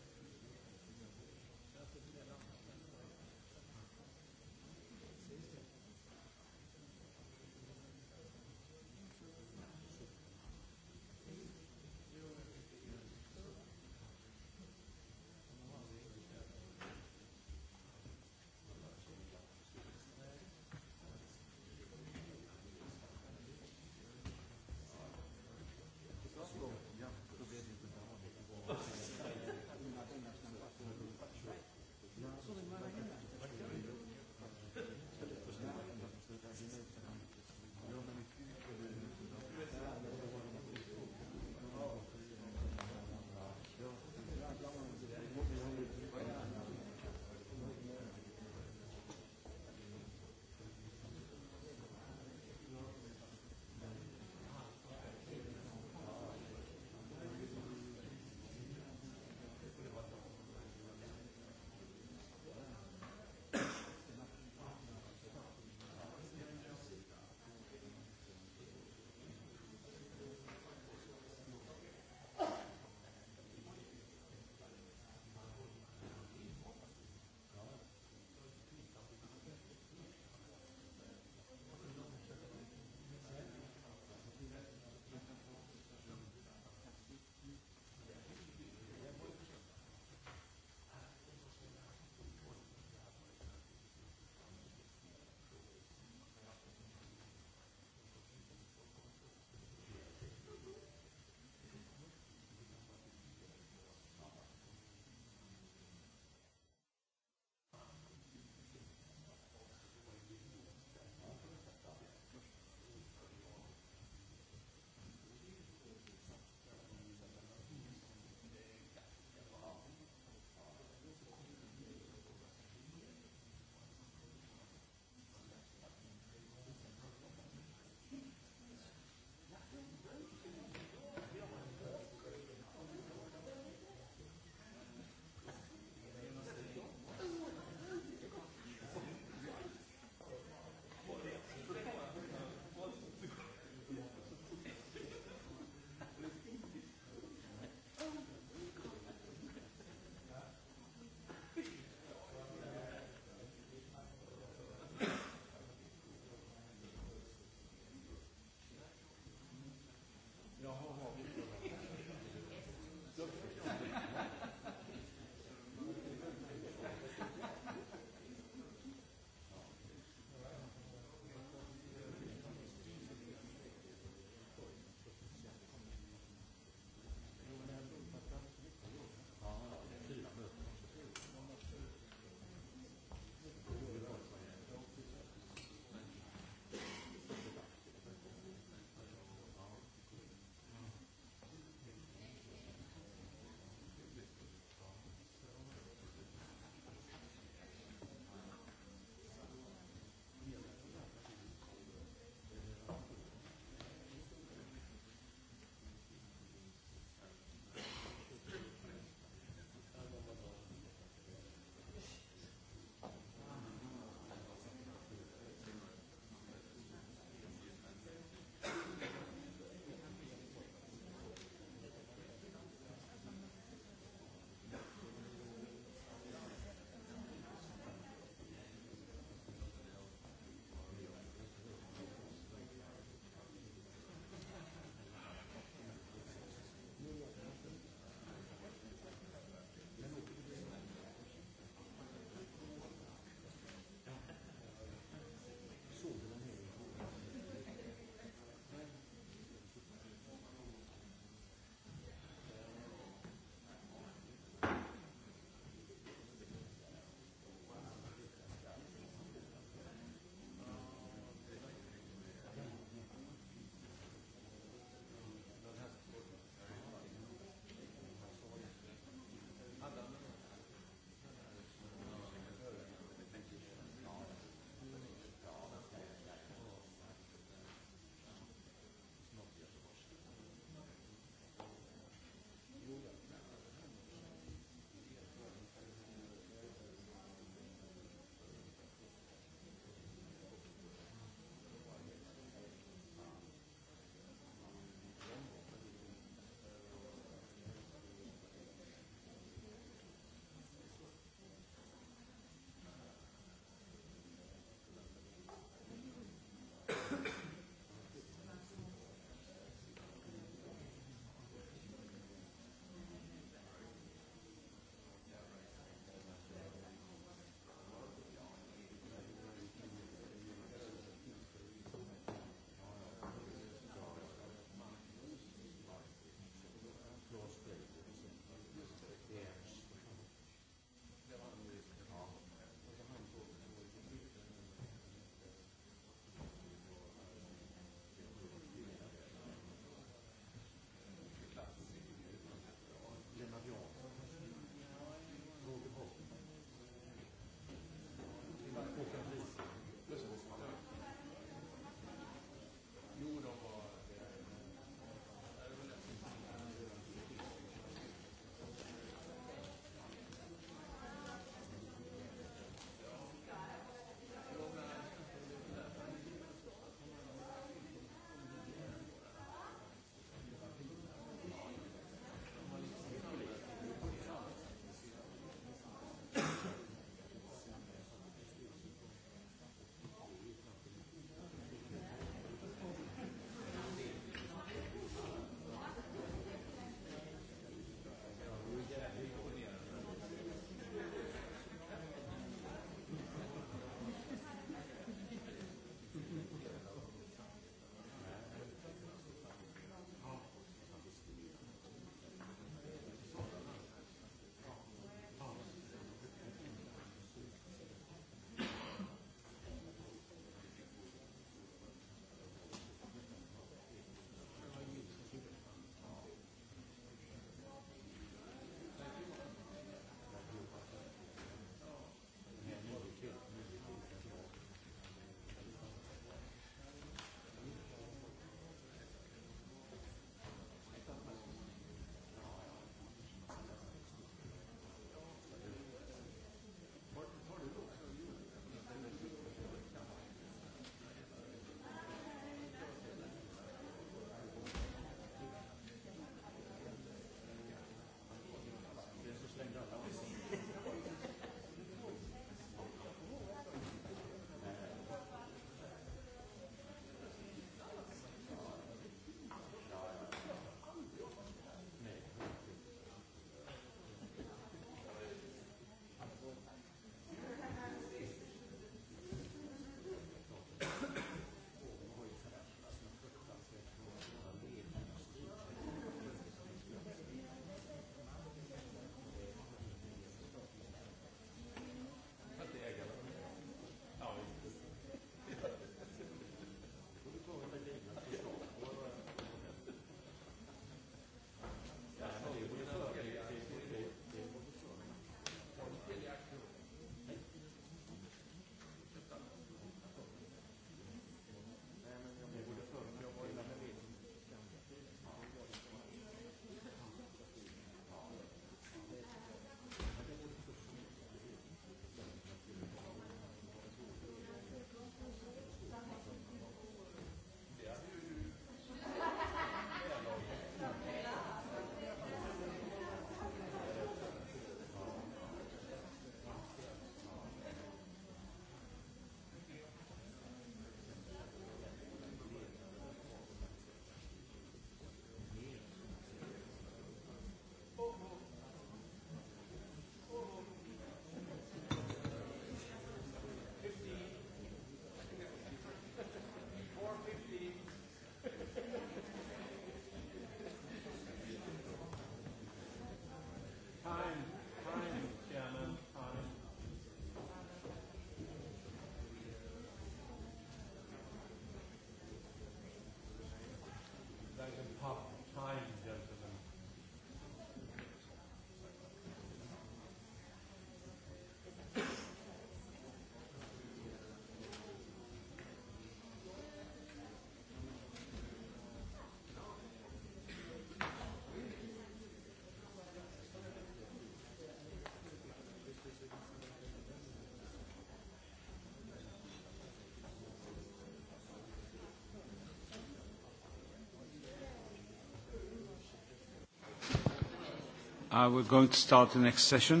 Uh,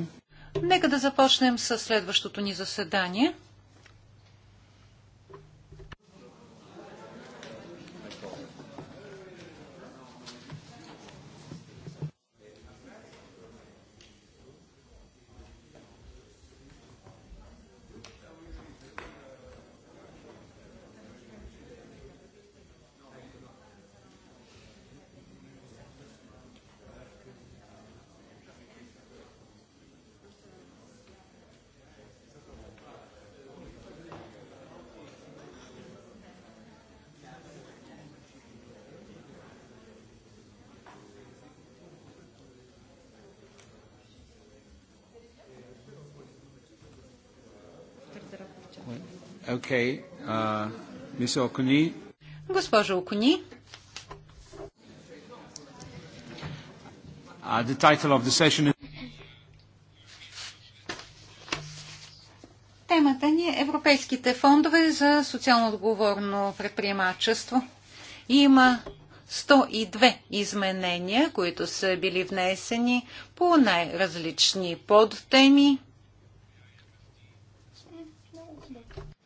Нека да започнем с следващото ни заседание. Okay. Uh, Miss Okuni. Госпожо Окуни. Uh, the title of the session is... Темата ни е Европейските фондове за социално отговорно предприемачество. Има 102 изменения, които са били внесени по най-различни подтеми.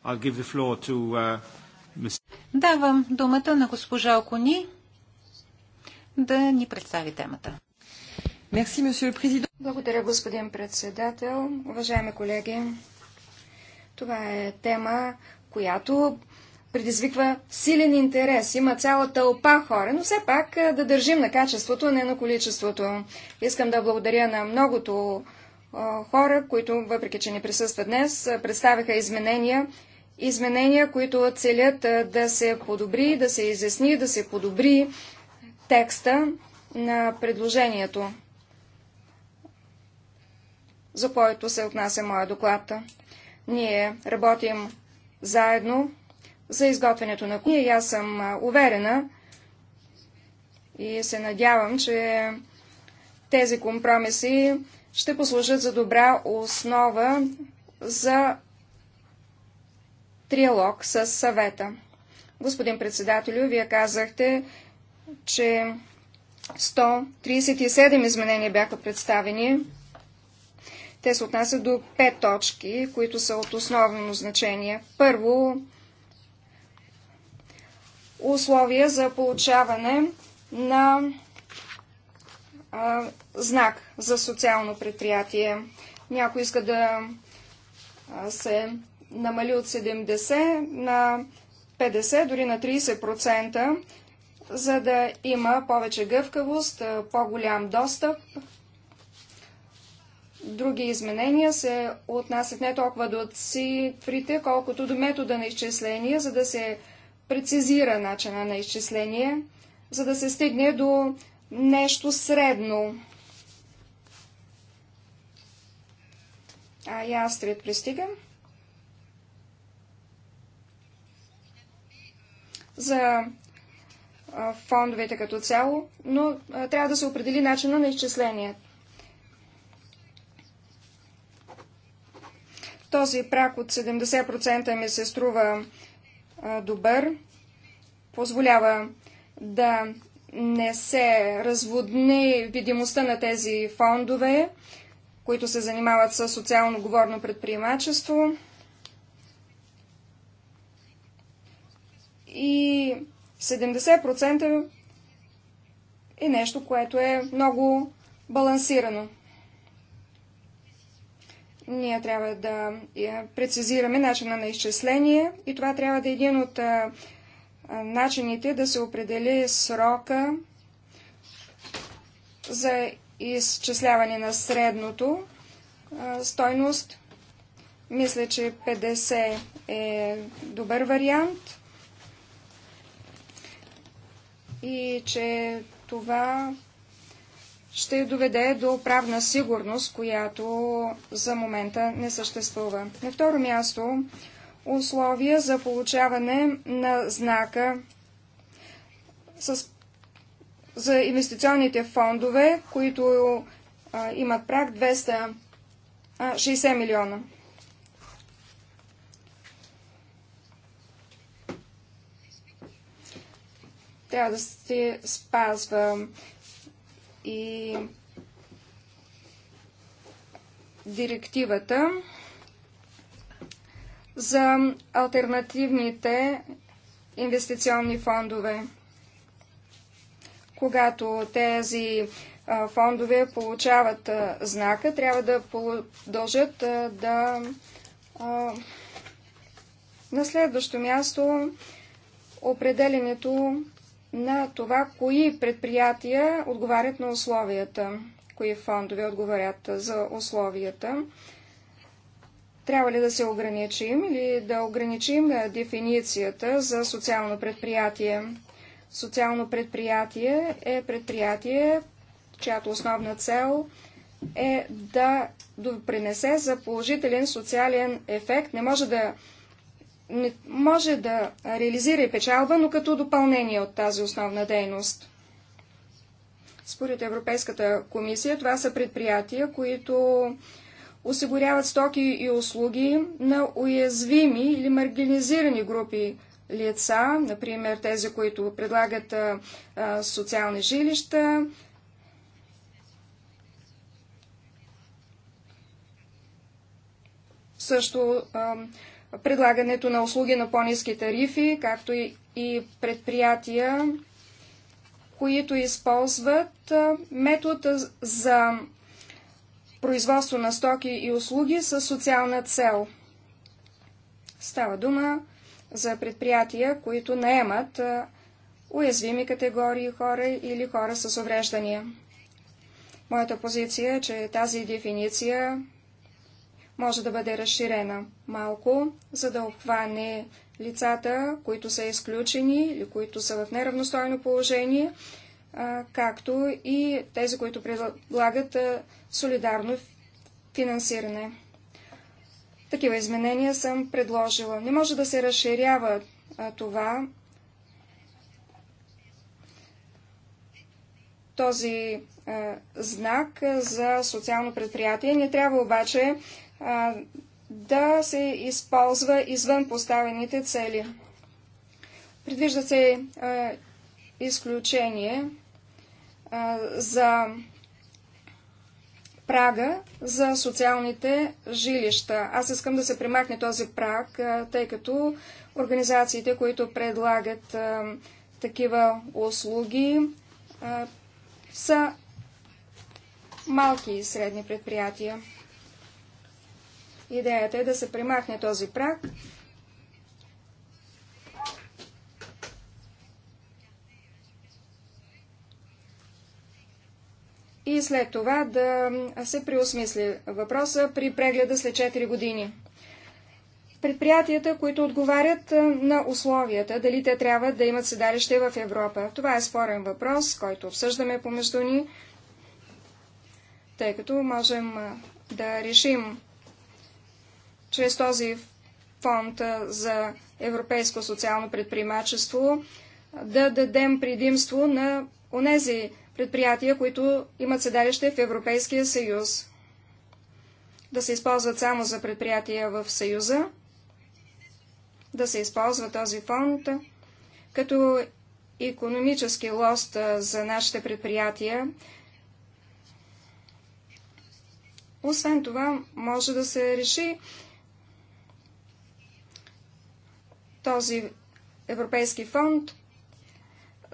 To... Uh, Давам думата на госпожа Окони да ни представи темата. Благодаря, господин председател. Уважаеми колеги, това е тема, която предизвиква силен интерес. Има цяла тълпа хора, но все пак да държим на качеството, а не на количеството. Искам да благодаря на многото хора, които, въпреки че не присъстват днес, представиха изменения изменения, които целят да се подобри, да се изясни, да се подобри текста на предложението, за което се отнася моя доклад. Ние работим заедно за изготвянето на книги. Аз съм уверена и се надявам, че тези компромиси ще послужат за добра основа за триалог с съвета. Господин председателю, вие казахте, че 137 изменения бяха представени. Те се отнасят до пет точки, които са от основно значение. Първо, условия за получаване на а, знак за социално предприятие. Някой иска да се намали от 70 на 50, дори на 30%, за да има повече гъвкавост, по-голям достъп. Други изменения се отнасят не толкова до цифрите, колкото до метода на изчисление, за да се прецизира начина на изчисление, за да се стигне до нещо средно. А и аз пристигам. за фондовете като цяло, но трябва да се определи начина на изчисление. Този прак от 70% ми се струва добър, позволява да не се разводни видимостта на тези фондове, които се занимават с социално говорно предприемачество. и 70% е нещо, което е много балансирано. Ние трябва да е, прецизираме начина на изчисление и това трябва да е един от е, е, начините да се определи срока за изчисляване на средното стойност. Мисля, че 50 е добър вариант – и че това ще доведе до правна сигурност, която за момента не съществува. На второ място, условия за получаване на знака с, за инвестиционните фондове, които а, имат прак 260 милиона. трябва да се спазва и директивата за альтернативните инвестиционни фондове. Когато тези фондове получават знака, трябва да продължат да. На следващо място определенето на това, кои предприятия отговарят на условията, кои фондове отговарят за условията. Трябва ли да се ограничим или да ограничим дефиницията за социално предприятие? Социално предприятие е предприятие, чиято основна цел е да допринесе за положителен социален ефект. Не може да не може да реализира и печалба, но като допълнение от тази основна дейност. Според Европейската комисия това са предприятия, които осигуряват стоки и услуги на уязвими или маргинализирани групи лица, например тези, които предлагат а, социални жилища, също а, предлагането на услуги на по-низки тарифи, както и предприятия, които използват метод за производство на стоки и услуги с социална цел. Става дума за предприятия, които наемат уязвими категории хора или хора с увреждания. Моята позиция е, че тази дефиниция може да бъде разширена малко, за да обхване лицата, които са изключени или които са в неравностойно положение, както и тези, които предлагат солидарно финансиране. Такива изменения съм предложила. Не може да се разширява това. Този знак за социално предприятие не трябва обаче а, да се използва извън поставените цели. Предвижда се а, изключение а, за прага за социалните жилища. Аз искам да се примахне този праг, тъй като организациите, които предлагат а, такива услуги, а, са малки и средни предприятия. Идеята е да се примахне този прак. И след това да се преосмисли въпроса при прегледа след 4 години. Предприятията, които отговарят на условията, дали те трябва да имат седалище в Европа. Това е спорен въпрос, който обсъждаме помежду ни, тъй като можем да решим чрез този фонд за европейско социално предприемачество да дадем предимство на онези предприятия, които имат седалище в Европейския съюз. Да се използват само за предприятия в съюза, да се използва този фонд като економически лост за нашите предприятия. Освен това, може да се реши този Европейски фонд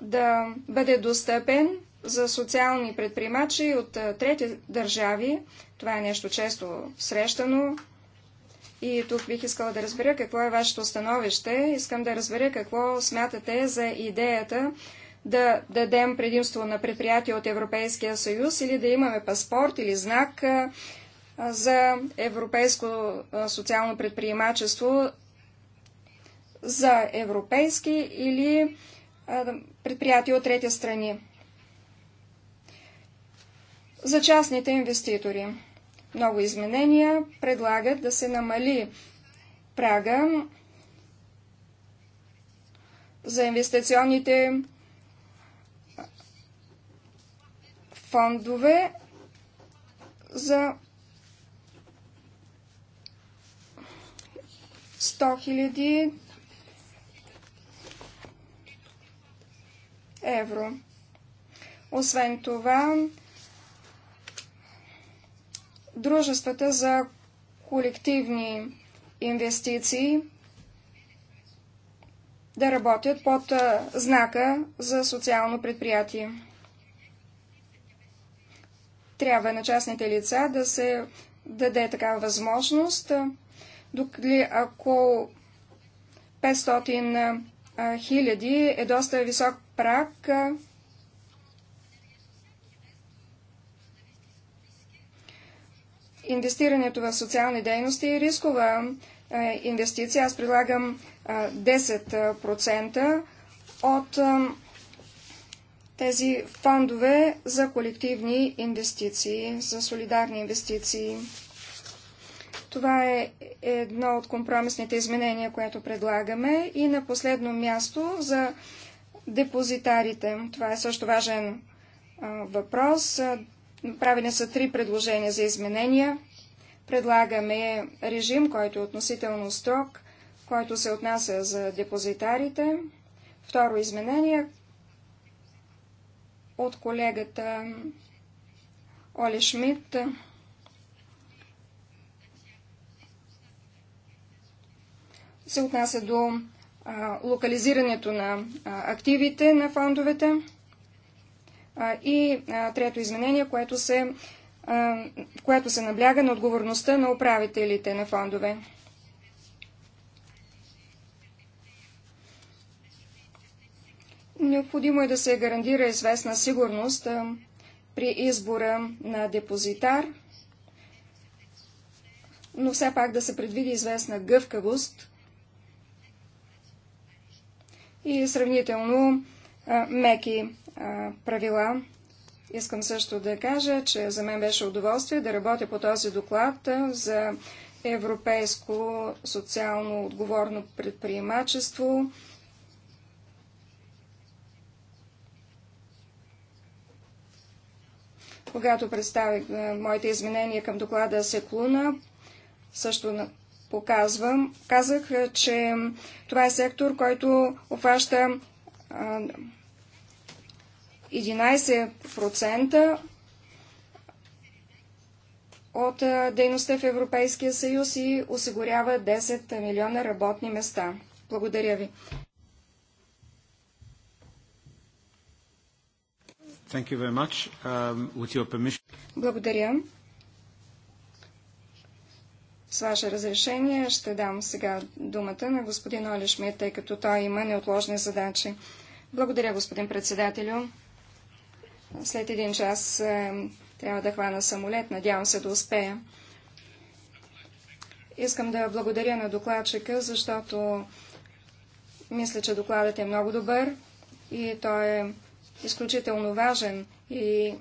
да бъде достъпен за социални предприемачи от трети държави. Това е нещо често срещано. И тук бих искала да разбера какво е вашето становище. Искам да разбера какво смятате за идеята да дадем предимство на предприятия от Европейския съюз или да имаме паспорт или знак за европейско социално предприемачество за европейски или предприятия от трети страни. За частните инвеститори. Много изменения предлагат да се намали прага за инвестиционните фондове за 100 000 евро. Освен това, дружествата за колективни инвестиции да работят под знака за социално предприятие. Трябва на частните лица да се даде такава възможност, докато ако 500 хиляди е доста висок прак. Инвестирането в социални дейности е рискова инвестиция. Аз предлагам 10% от тези фондове за колективни инвестиции, за солидарни инвестиции. Това е едно от компромисните изменения, което предлагаме. И на последно място за депозитарите. Това е също важен въпрос. Направени са три предложения за изменения. Предлагаме режим, който е относително строг, който се отнася за депозитарите. Второ изменение от колегата Оле Шмидт. се отнася до локализирането на активите на фондовете. И трето изменение, което се, което се набляга на отговорността на управителите на фондове. Необходимо е да се гарантира известна сигурност при избора на депозитар, но все пак да се предвиди известна гъвкавост – и сравнително а, меки а, правила. Искам също да кажа, че за мен беше удоволствие да работя по този доклад за европейско социално отговорно предприемачество. Когато представих моите изменения към доклада Секлуна, също показвам, казах, е, че това е сектор, който обхваща 11% от дейността в Европейския съюз и осигурява 10 милиона работни места. Благодаря ви. Um, Благодаря. С ваше разрешение ще дам сега думата на господин Оли Шмидт, тъй като той има неотложни задачи. Благодаря, господин председателю. След един час е, трябва да хвана самолет. Надявам се да успея. Искам да благодаря на докладчика, защото мисля, че докладът е много добър и той е изключително важен и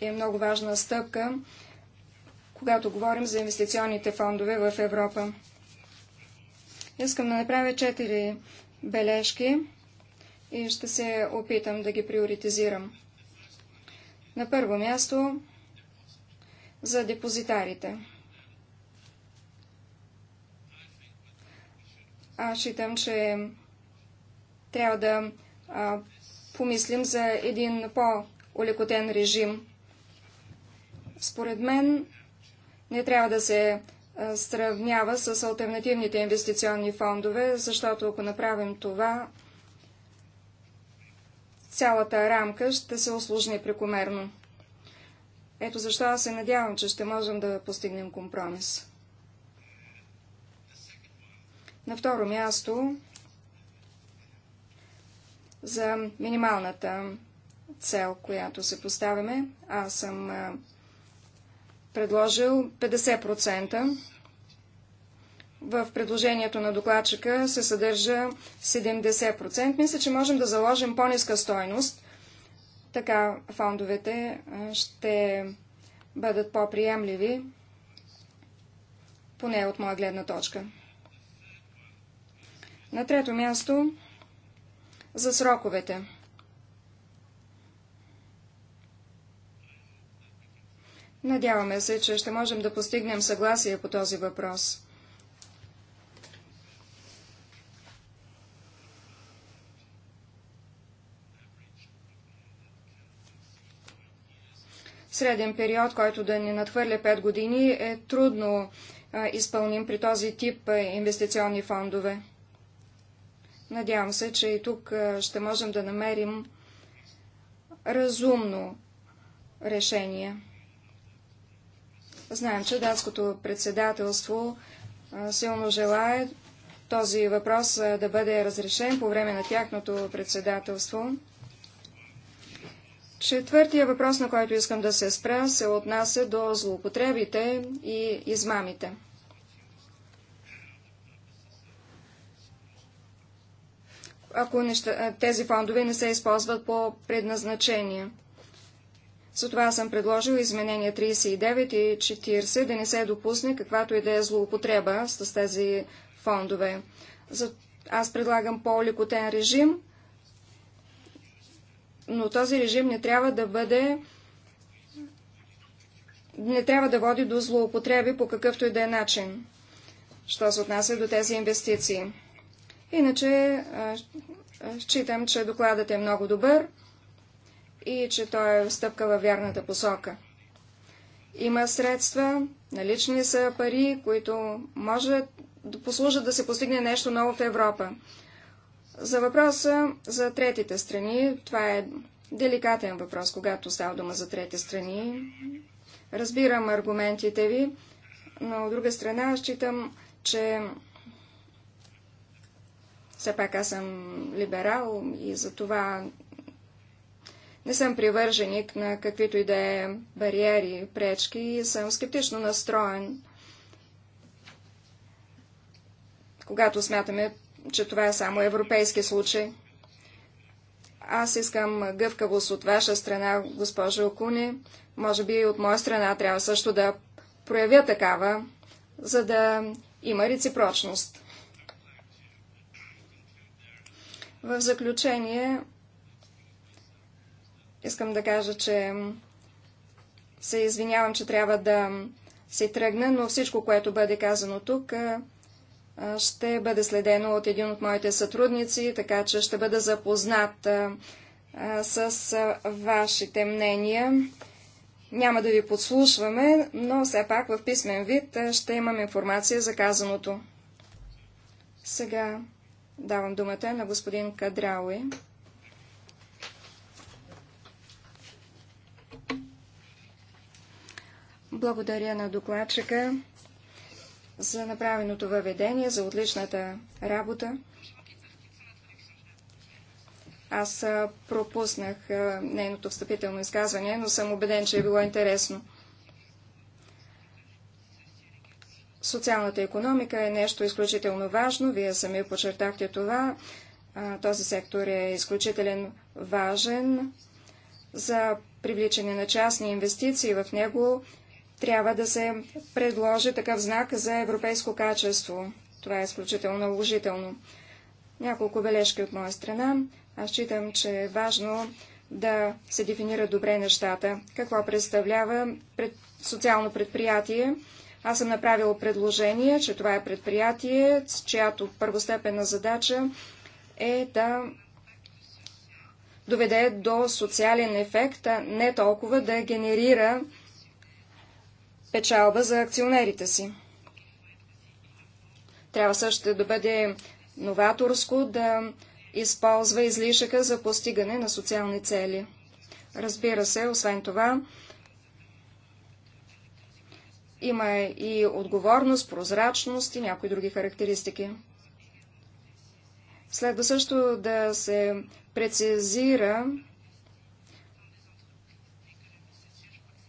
е много важна стъпка когато говорим за инвестиционните фондове в Европа. Искам да направя четири бележки и ще се опитам да ги приоритизирам. На първо място за депозитарите. Аз считам, че трябва да а, помислим за един по-олекотен режим. Според мен не трябва да се сравнява с альтернативните инвестиционни фондове, защото ако направим това, цялата рамка ще се осложни прекомерно. Ето защо аз се надявам, че ще можем да постигнем компромис. На второ място за минималната цел, която се поставяме. Аз съм предложил 50%. В предложението на докладчика се съдържа 70%. Мисля, че можем да заложим по-ниска стойност. Така фондовете ще бъдат по-приемливи, поне от моя гледна точка. На трето място за сроковете. Надяваме се, че ще можем да постигнем съгласие по този въпрос. Среден период, който да ни надхвърля 5 години, е трудно а, изпълним при този тип а, инвестиционни фондове. Надявам се, че и тук а, ще можем да намерим разумно решение. Знаем, че датското председателство силно желая този въпрос да бъде разрешен по време на тяхното председателство. Четвъртия въпрос, на който искам да се спра, се отнася до злоупотребите и измамите. Ако неща, тези фондове не се използват по предназначение – затова съм предложил изменения 39 и 40 да не се допусне каквато и да е злоупотреба с тези фондове. За... Аз предлагам по-ликотен режим, но този режим не трябва да бъде не трябва да води до злоупотреби по какъвто и да е начин, що се отнася до тези инвестиции. Иначе, считам, че докладът е много добър и че той е стъпка във вярната посока. Има средства, налични са пари, които може да послужат да се постигне нещо ново в Европа. За въпроса за третите страни, това е деликатен въпрос, когато става дума за трети страни. Разбирам аргументите ви, но от друга страна считам, че все пак аз съм либерал и за това не съм привърженик на каквито и да е бариери, пречки и съм скептично настроен, когато смятаме, че това е само европейски случай. Аз искам гъвкавост от ваша страна, госпожо Окуни. Може би и от моя страна трябва също да проявя такава, за да има реципрочност. В заключение, искам да кажа, че се извинявам, че трябва да се тръгна, но всичко, което бъде казано тук, ще бъде следено от един от моите сътрудници, така че ще бъда запознат с вашите мнения. Няма да ви подслушваме, но все пак в писмен вид ще имам информация за казаното. Сега давам думата на господин Кадрауи. Благодаря на докладчика за направеното въведение, за отличната работа. Аз пропуснах нейното встъпително изказване, но съм убеден, че е било интересно. Социалната економика е нещо изключително важно. Вие сами подчертахте това. Този сектор е изключителен важен за привличане на частни инвестиции в него трябва да се предложи такъв знак за европейско качество. Това е изключително наложително. Няколко бележки от моя страна. Аз считам, че е важно да се дефинира добре нещата. Какво представлява пред... социално предприятие? Аз съм направил предложение, че това е предприятие, с чиято първостепенна задача е да доведе до социален ефект, а не толкова да генерира печалба за акционерите си. Трябва също да бъде новаторско да използва излишъка за постигане на социални цели. Разбира се, освен това, има и отговорност, прозрачност и някои други характеристики. Следва също да се прецизира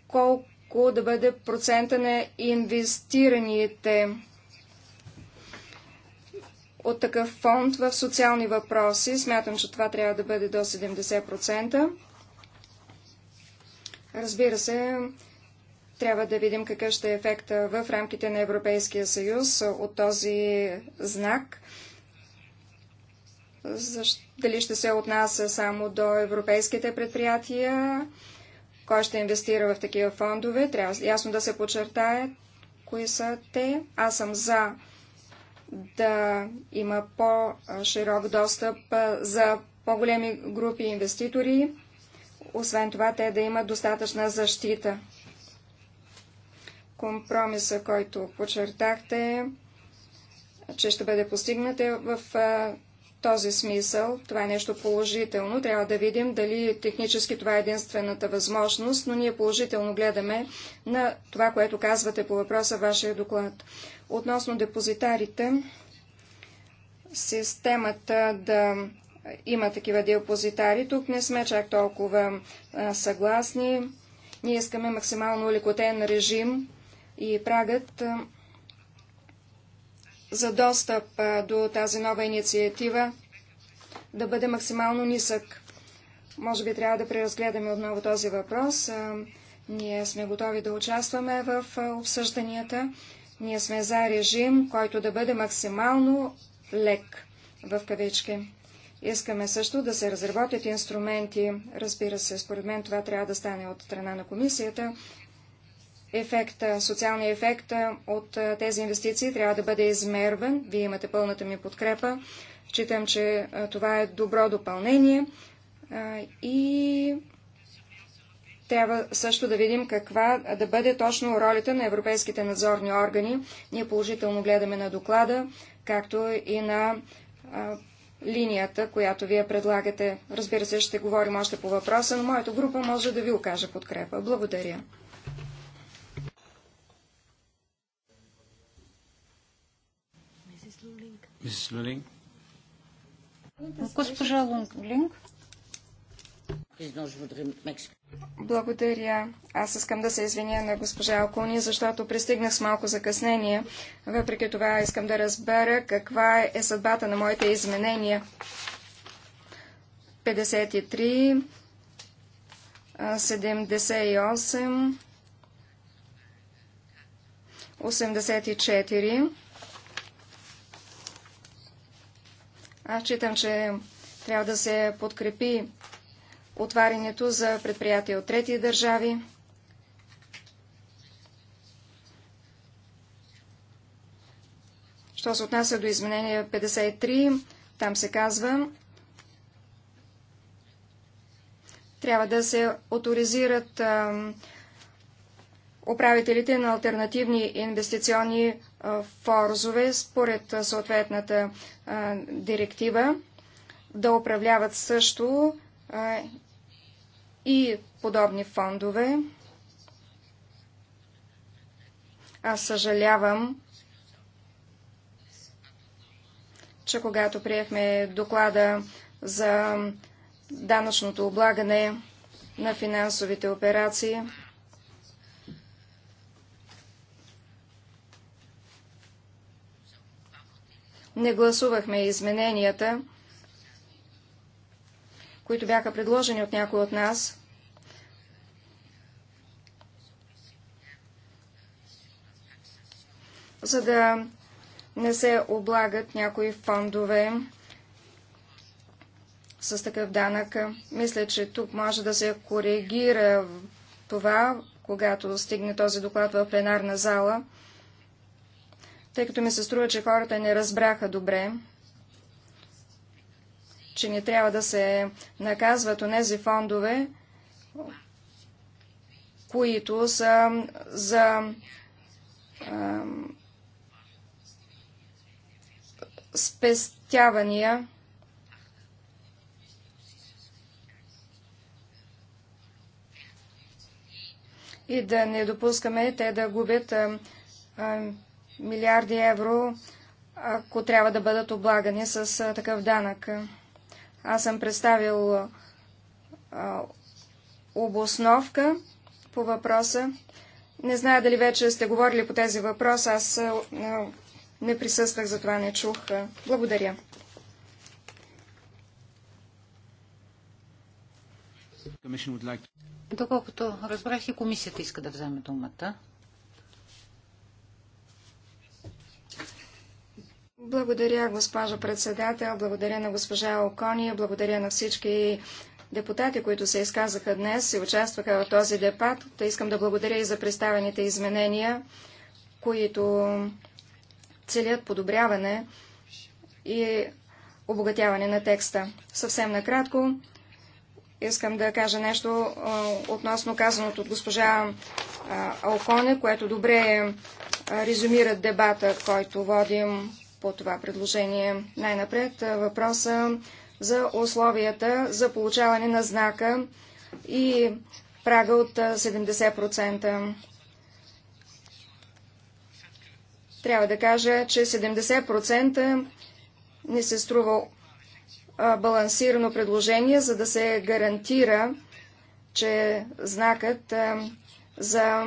колко колко да бъде процента на инвестираните от такъв фонд в социални въпроси. Смятам, че това трябва да бъде до 70%. Разбира се, трябва да видим какъв ще е ефекта в рамките на Европейския съюз от този знак. Дали ще се отнася само до европейските предприятия кой ще инвестира в такива фондове. Трябва ясно да се подчертае кои са те. Аз съм за да има по-широк достъп за по-големи групи инвеститори. Освен това, те да имат достатъчна защита. Компромиса, който подчертахте, че ще бъде постигнат е в този смисъл това е нещо положително. Трябва да видим дали технически това е единствената възможност, но ние положително гледаме на това, което казвате по въпроса в вашия доклад. Относно депозитарите, системата да има такива депозитари, тук не сме чак толкова съгласни. Ние искаме максимално ликотен режим и прагът а, за достъп до тази нова инициатива да бъде максимално нисък. Може би трябва да преразгледаме отново този въпрос. Ние сме готови да участваме в обсъжданията. Ние сме за режим, който да бъде максимално лек в кавички. Искаме също да се разработят инструменти. Разбира се, според мен това трябва да стане от страна на комисията, ефект, социалния ефект от тези инвестиции трябва да бъде измерван. Вие имате пълната ми подкрепа. Считам, че това е добро допълнение и трябва също да видим каква да бъде точно ролята на европейските надзорни органи. Ние положително гледаме на доклада, както и на линията, която вие предлагате. Разбира се, ще говорим още по въпроса, но моята група може да ви окаже подкрепа. Благодаря. Госпожа Лунг. Благодаря. Аз искам да се извиня на госпожа Алкуни, защото пристигнах с малко закъснение. Въпреки това искам да разбера каква е съдбата на моите изменения. 53, 78, 84. Аз читам, че трябва да се подкрепи отварянето за предприятия от трети държави. Що се отнася до изменение 53, там се казва, трябва да се авторизират а, управителите на альтернативни инвестиционни форзове според съответната директива да управляват също и подобни фондове. Аз съжалявам, че когато приехме доклада за данъчното облагане на финансовите операции, не гласувахме измененията, които бяха предложени от някой от нас. за да не се облагат някои фондове с такъв данък. Мисля, че тук може да се коригира това, когато стигне този доклад в пленарна зала тъй като ми се струва, че хората не разбраха добре, че не трябва да се наказват онези фондове, които са за а, спестявания. И да не допускаме те да губят а, а, милиарди евро, ако трябва да бъдат облагани с такъв данък. Аз съм представил обосновка по въпроса. Не зная дали вече сте говорили по тези въпрос, аз не присъствах, затова не чух. Благодаря. Доколкото разбрах и комисията иска да вземе думата. Благодаря, госпожо председател, благодаря на госпожа Окони, благодаря на всички депутати, които се изказаха днес и участваха в този дебат. Та искам да благодаря и за представените изменения, които целят подобряване и обогатяване на текста. Съвсем накратко искам да кажа нещо относно казаното от госпожа Алконе, което добре резюмира дебата, който водим по това предложение. Най-напред въпроса за условията за получаване на знака и прага от 70%. Трябва да кажа, че 70% не се струва балансирано предложение, за да се гарантира, че знакът за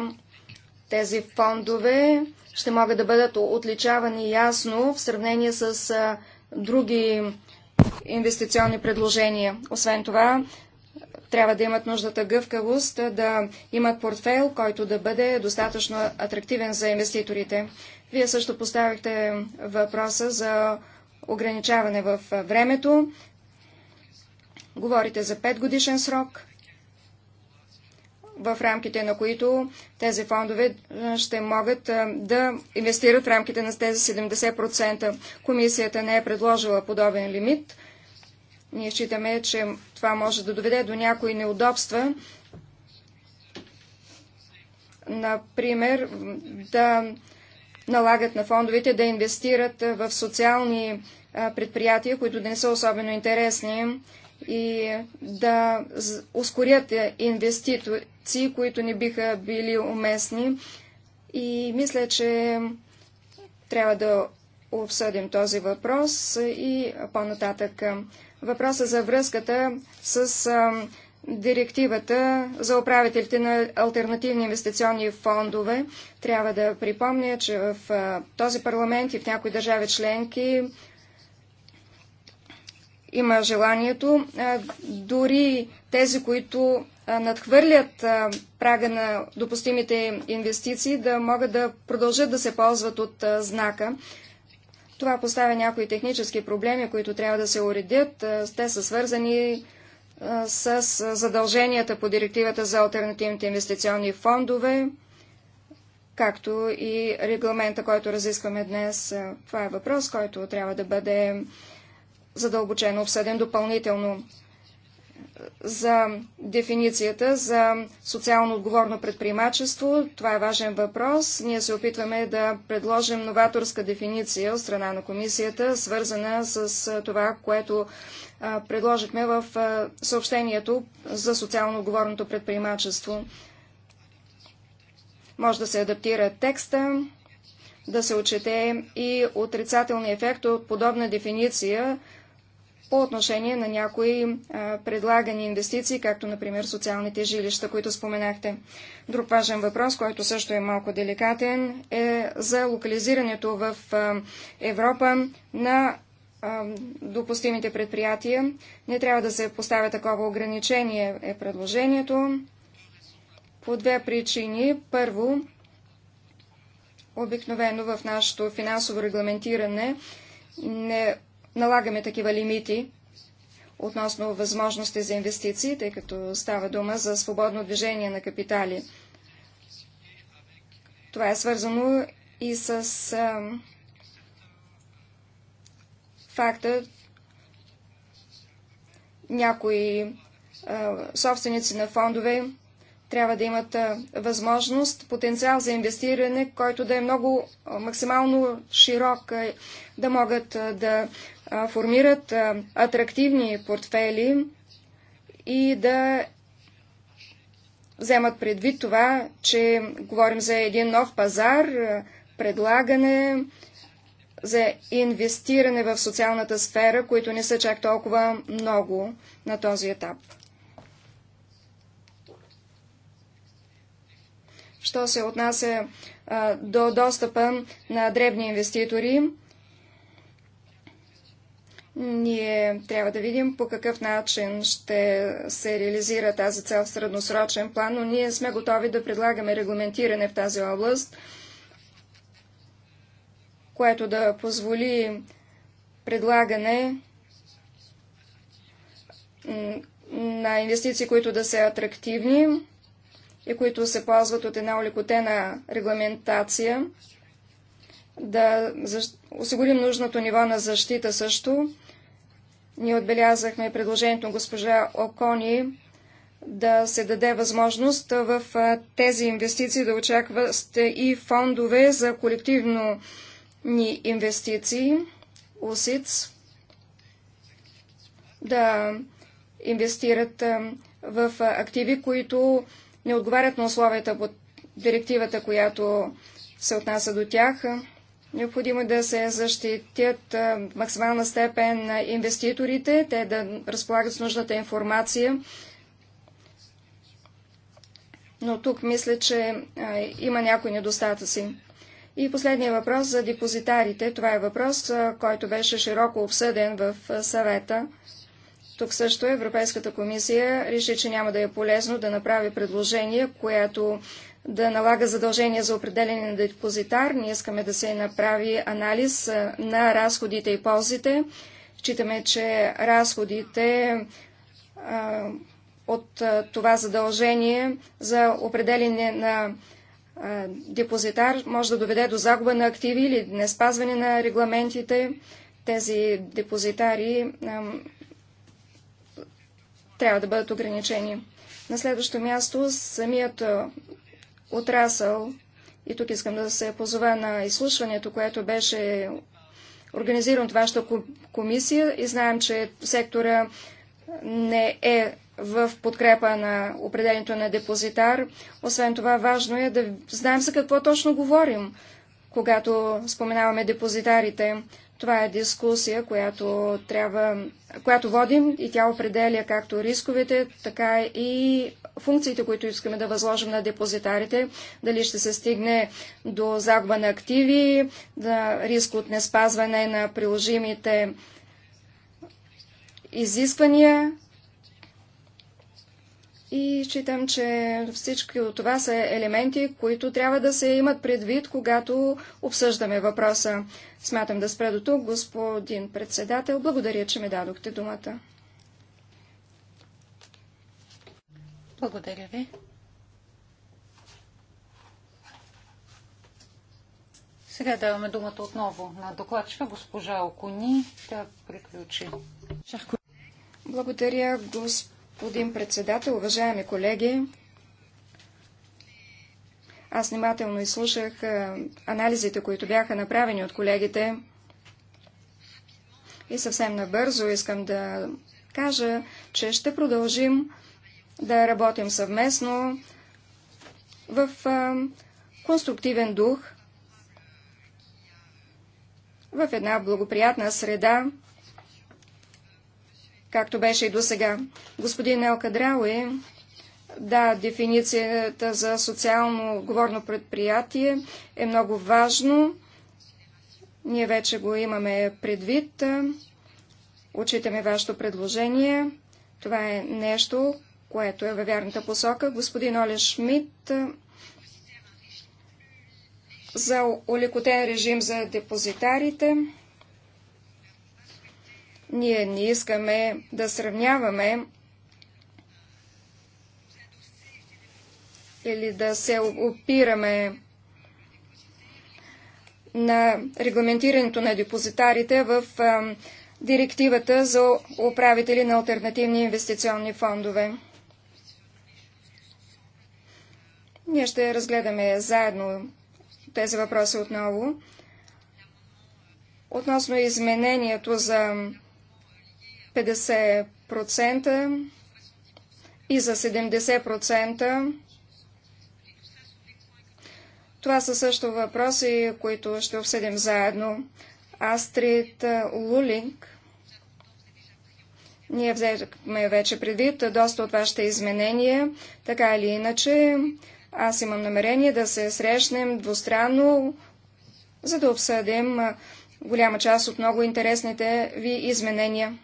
тези фондове ще могат да бъдат отличавани ясно в сравнение с други инвестиционни предложения. Освен това, трябва да имат нуждата гъвкавост, да имат портфейл, който да бъде достатъчно атрактивен за инвеститорите. Вие също поставихте въпроса за ограничаване в времето. Говорите за 5 годишен срок в рамките на които тези фондове ще могат да инвестират в рамките на тези 70%. Комисията не е предложила подобен лимит. Ние считаме, че това може да доведе до някои неудобства. Например, да налагат на фондовете да инвестират в социални предприятия, които не са особено интересни и да ускорят е, инвестиции, които не биха били уместни. И мисля, че трябва да обсъдим този въпрос и по-нататък. Въпроса за връзката с директивата за управителите на альтернативни инвестиционни фондове. Трябва да припомня, че в този парламент и в някои държави членки има желанието, дори тези, които надхвърлят прага на допустимите инвестиции, да могат да продължат да се ползват от знака. Това поставя някои технически проблеми, които трябва да се уредят. Те са свързани с задълженията по директивата за альтернативните инвестиционни фондове, както и регламента, който разискваме днес. Това е въпрос, който трябва да бъде задълбочено обсъден допълнително за дефиницията за социално отговорно предприемачество. Това е важен въпрос. Ние се опитваме да предложим новаторска дефиниция от страна на комисията, свързана с това, което предложихме в съобщението за социално отговорното предприемачество. Може да се адаптира текста, да се отчете и отрицателния ефект от подобна дефиниция по отношение на някои предлагани инвестиции, както например социалните жилища, които споменахте. Друг важен въпрос, който също е малко деликатен, е за локализирането в Европа на допустимите предприятия. Не трябва да се поставя такова ограничение, е предложението. По две причини. Първо, обикновено в нашето финансово регламентиране не налагаме такива лимити относно възможности за инвестиции, тъй като става дума за свободно движение на капитали. Това е свързано и с а, факта някои а, собственици на фондове трябва да имат а, възможност, потенциал за инвестиране, който да е много а, максимално широк, а, да могат а, да формират атрактивни портфели и да вземат предвид това, че говорим за един нов пазар, предлагане, за инвестиране в социалната сфера, които не са чак толкова много на този етап. Що се отнася а, до достъпа на дребни инвеститори, ние трябва да видим по какъв начин ще се реализира тази цел в средносрочен план, но ние сме готови да предлагаме регламентиране в тази област, което да позволи предлагане на инвестиции, които да са атрактивни и които се ползват от една олекотена регламентация да осигурим нужното ниво на защита също. Ние отбелязахме предложението на госпожа Окони да се даде възможност в тези инвестиции да очакват и фондове за колективно ни инвестиции, УСИЦ, да инвестират в активи, които не отговарят на условията под директивата, която се отнася до тях. Необходимо е да се защитят в максимална степен на инвеститорите, те да разполагат с нужната информация. Но тук мисля, че има някои недостатъци. И последния въпрос за депозитарите. Това е въпрос, който беше широко обсъден в съвета. Тук също Европейската комисия реши, че няма да е полезно да направи предложение, което да налага задължения за определение на депозитар. Ние искаме да се направи анализ на разходите и ползите. Считаме, че разходите от това задължение за определение на депозитар може да доведе до загуба на активи или не спазване на регламентите. Тези депозитари трябва да бъдат ограничени. На следващо място самият отрасъл. И тук искам да се позова на изслушването, което беше организирано от вашата комисия и знаем, че сектора не е в подкрепа на определението на депозитар. Освен това, важно е да знаем за какво точно говорим, когато споменаваме депозитарите. Това е дискусия, която, трябва, която водим и тя определя както рисковете, така и функциите, които искаме да възложим на депозитарите, дали ще се стигне до загуба на активи, да риск от неспазване на приложимите изисквания. И считам, че всички от това са елементи, които трябва да се имат предвид, когато обсъждаме въпроса. Смятам да спра до тук, господин председател. Благодаря, че ми дадохте думата. Благодаря ви. Сега даваме думата отново на докладчика госпожа Окуни да приключи. Благодаря, господин председател, уважаеми колеги. Аз внимателно изслушах анализите, които бяха направени от колегите. И съвсем набързо искам да кажа, че ще продължим да работим съвместно в конструктивен дух, в една благоприятна среда, както беше и до сега. Господин Елка Драуи, да, дефиницията за социално отговорно предприятие е много важно. Ние вече го имаме предвид. Очитаме вашето предложение. Това е нещо, което е във вярната посока. Господин Оле Шмидт е, за олекотен режим за депозитарите. Ние не искаме да сравняваме или да се опираме на регламентирането на депозитарите в е, директивата за управители на альтернативни инвестиционни фондове. Ние ще разгледаме заедно тези въпроси отново. Относно изменението за 50% и за 70%, това са също въпроси, които ще обсъдим заедно. Астрид Лулинг. Ние взехме вече предвид доста от вашите изменения. Така или иначе, аз имам намерение да се срещнем двустранно, за да обсъдим голяма част от много интересните ви изменения.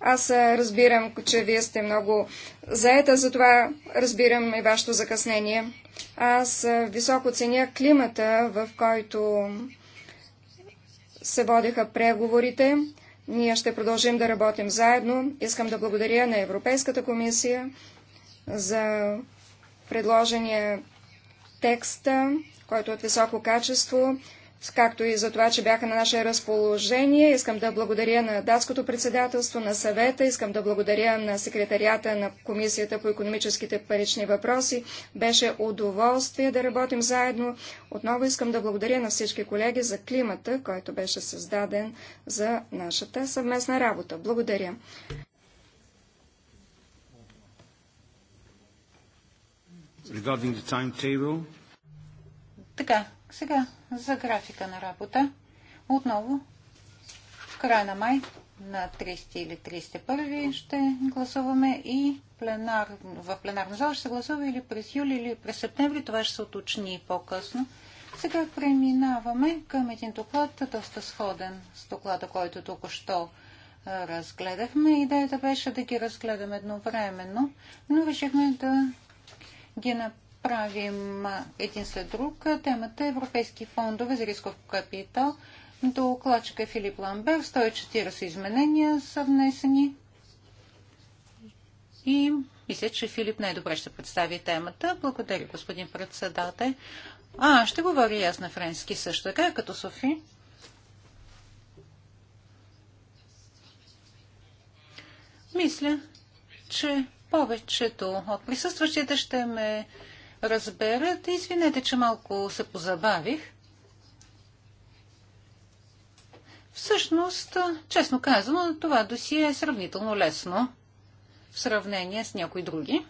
Аз разбирам, че вие сте много заета, затова разбирам и вашето закъснение. Аз високо ценя климата, в който се водеха преговорите. Ние ще продължим да работим заедно. Искам да благодаря на Европейската комисия за предложения текст, който е от високо качество, както и за това, че бяха на наше разположение. Искам да благодаря на датското председателство, на съвета, искам да благодаря на секретарията на Комисията по економическите парични въпроси. Беше удоволствие да работим заедно. Отново искам да благодаря на всички колеги за климата, който беше създаден за нашата съвместна работа. Благодаря. regarding the timetable. Така, сега за графика на работа. Отново в края на май на 30 или 31 ще гласуваме и пленар, в пленарна зала ще се гласува или през юли, или през септември. Това ще се уточни по-късно. Сега преминаваме към един доклад, доста сходен с доклада, който току-що разгледахме. Идеята беше да ги разгледаме едновременно, но решихме да ги направим един след друг. Темата е Европейски фондове за рисков капитал. Докладчика е Филип Ламбер. 140 изменения са внесени. И мисля, че Филип най-добре ще представи темата. Благодаря, господин председател. А, ще говоря и аз на френски също така, като Софи. Мисля, че повечето от присъстващите ще ме разберат. Извинете, че малко се позабавих. Всъщност, честно казано, това досие е сравнително лесно в сравнение с някои други.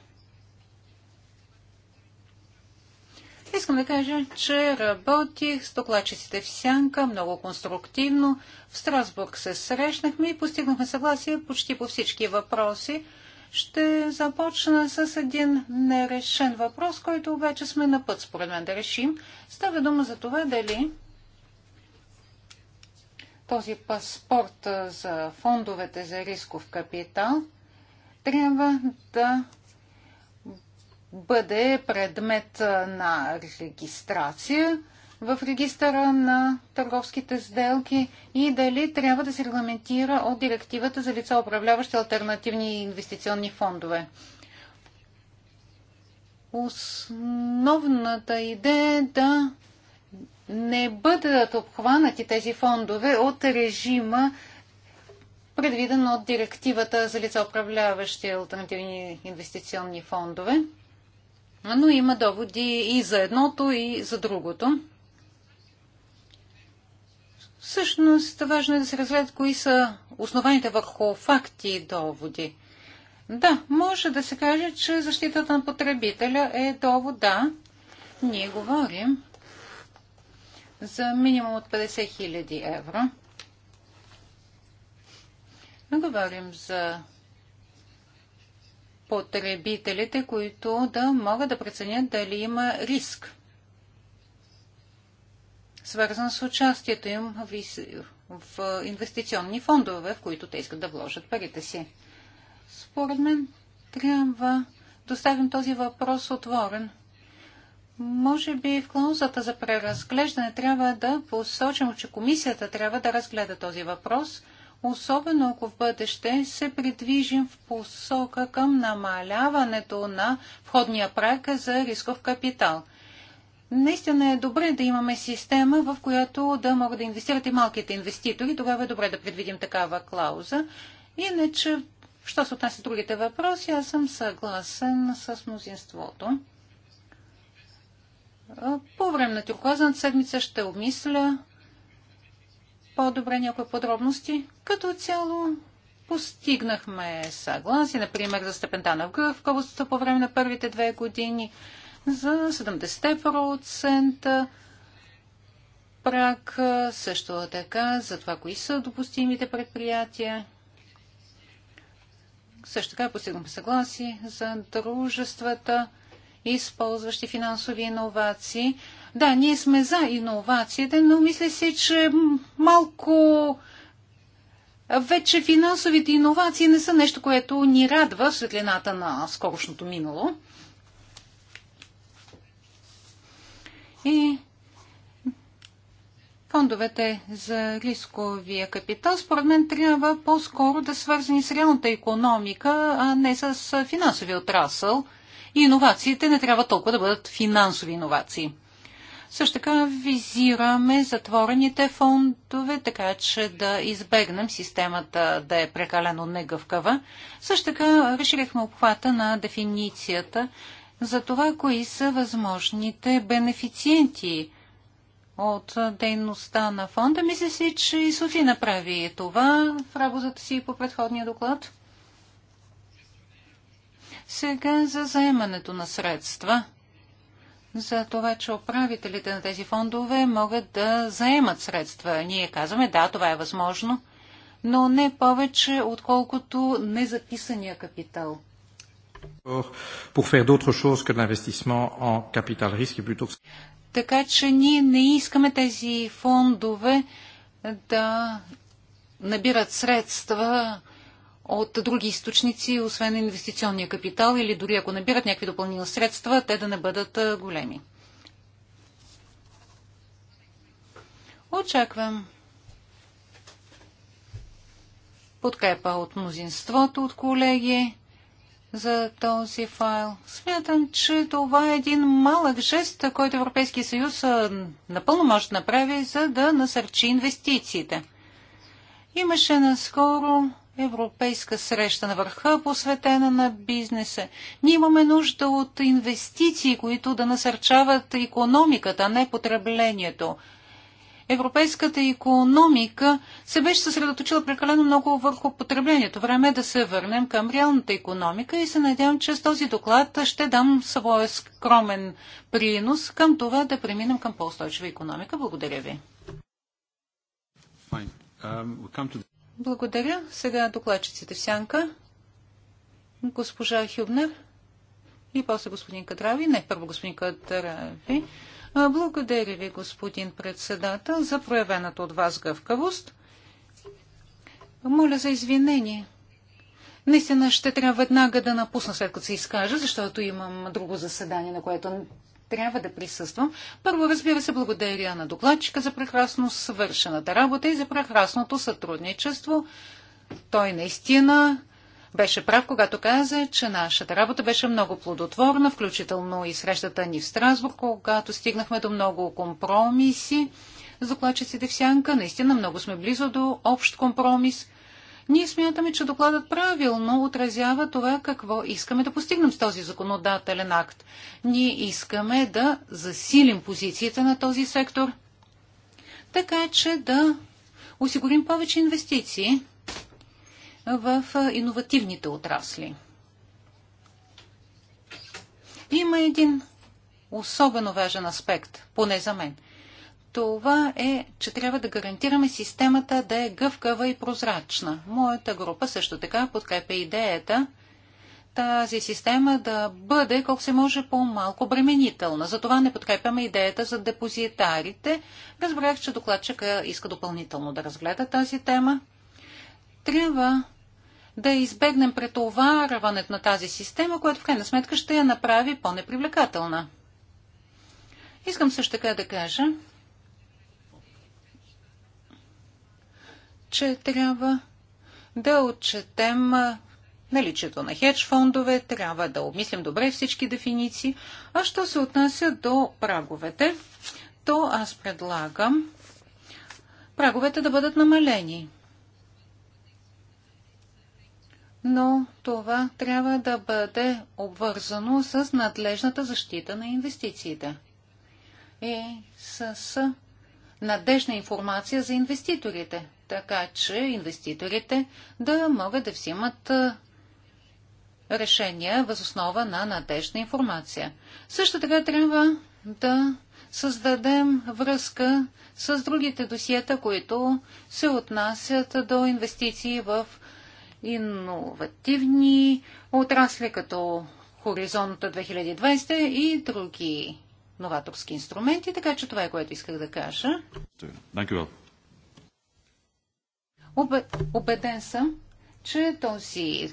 Искам да кажа, че работих с докладчиците в Сянка много конструктивно. В Страсбург се срещнахме и постигнахме съгласие почти по всички въпроси, ще започна с един нерешен въпрос, който обаче сме на път, според мен, да решим. Става дума за това дали този паспорт за фондовете за рисков капитал трябва да бъде предмет на регистрация в регистъра на търговските сделки и дали трябва да се регламентира от директивата за лица, управляващи альтернативни инвестиционни фондове. Основната идея е да не бъдат обхванати тези фондове от режима, предвиден от директивата за лица, управляващи альтернативни инвестиционни фондове. Но има доводи и за едното, и за другото. Всъщност важно е да се разгледат кои са основаните върху факти и доводи. Да, може да се каже, че защитата на потребителя е довод, да. Ние говорим за минимум от 50 000 евро. Говорим за потребителите, които да могат да преценят дали има риск свързан с участието им в инвестиционни фондове, в които те искат да вложат парите си. Според мен трябва да оставим този въпрос отворен. Може би в клаузата за преразглеждане трябва да посочим, че комисията трябва да разгледа този въпрос, особено ако в бъдеще се придвижим в посока към намаляването на входния прак за рисков капитал. Наистина е добре да имаме система, в която да могат да инвестират и малките инвеститори. Тогава е добре да предвидим такава клауза. Иначе, що се отнася другите въпроси, аз съм съгласен с мнозинството. По време на тюркозната седмица ще обмисля по-добре някои подробности. Като цяло постигнахме съгласие, например, за степента на гъвкавост по време на първите две години – за 70% прак, също така за това, кои са допустимите предприятия. Също така постигнахме съгласие за дружествата, използващи финансови иновации. Да, ние сме за иновациите, но мисля си, че малко вече финансовите иновации не са нещо, което ни радва в светлината на скорошното минало. И фондовете за рисковия капитал, според мен, трябва по-скоро да свързани с реалната економика, а не с финансови отрасъл. И иновациите не трябва толкова да бъдат финансови иновации. Също така визираме затворените фондове, така че да избегнем системата да е прекалено негъвкава. Също така разширихме обхвата на дефиницията за това, кои са възможните бенефициенти от дейността на фонда. Мисля си, че и Софи направи това в работата си по предходния доклад. Сега за заемането на средства. За това, че управителите на тези фондове могат да заемат средства. Ние казваме, да, това е възможно, но не повече, отколкото незаписания капитал. Така че ние не искаме тези фондове да набират средства от други източници, освен инвестиционния капитал, или дори ако набират някакви допълнителни средства, те да не бъдат големи. Очаквам подкрепа от мнозинството от колеги за този файл. Смятам, че това е един малък жест, който Европейския съюз напълно може да направи, за да насърчи инвестициите. Имаше наскоро европейска среща на върха, посветена на бизнеса. Ние имаме нужда от инвестиции, които да насърчават економиката, а не потреблението европейската економика се беше съсредоточила прекалено много върху потреблението. Време е да се върнем към реалната економика и се надявам, че с този доклад ще дам своя скромен принос към това да преминем към по-устойчива економика. Благодаря ви. Um, Благодаря. Сега докладчиците в сянка. Госпожа Хюбнер и после господин Кадрави. Не, първо господин Кадрави. Благодаря ви, господин председател, за проявената от вас гъвкавост. Моля за извинение. Наистина ще трябва веднага да напусна след като се изкажа, защото имам друго заседание, на което трябва да присъствам. Първо, разбира се, благодаря на докладчика за прекрасно свършената работа и за прекрасното сътрудничество. Той наистина беше прав, когато каза, че нашата работа беше много плодотворна, включително и срещата ни в Страсбург, когато стигнахме до много компромиси докладчиците в сянка. Наистина много сме близо до общ компромис. Ние смятаме, че докладът правилно отразява това какво искаме да постигнем с този законодателен акт. Ние искаме да засилим позициите на този сектор, така че да осигурим повече инвестиции в иновативните отрасли. Има един особено важен аспект, поне за мен. Това е, че трябва да гарантираме системата да е гъвкава и прозрачна. Моята група също така подкрепя идеята тази система да бъде колко се може по-малко бременителна. Затова не подкрепяме идеята за депозитарите. Разбрах, че докладчика иска допълнително да разгледа тази тема. Трябва да избегнем претоварването на тази система, което в крайна сметка ще я направи по-непривлекателна. Искам също така да кажа, че трябва да отчетем наличието на хедж фондове, трябва да обмислим добре всички дефиниции. А що се отнася до праговете, то аз предлагам праговете да бъдат намалени но това трябва да бъде обвързано с надлежната защита на инвестициите и с надежна информация за инвеститорите, така че инвеститорите да могат да взимат решения възоснова на надежна информация. Също така трябва да създадем връзка с другите досиета, които се отнасят до инвестиции в иновативни отрасли, като Хоризонта 2020 и други новаторски инструменти, така че това е което исках да кажа. Обеден съм, че този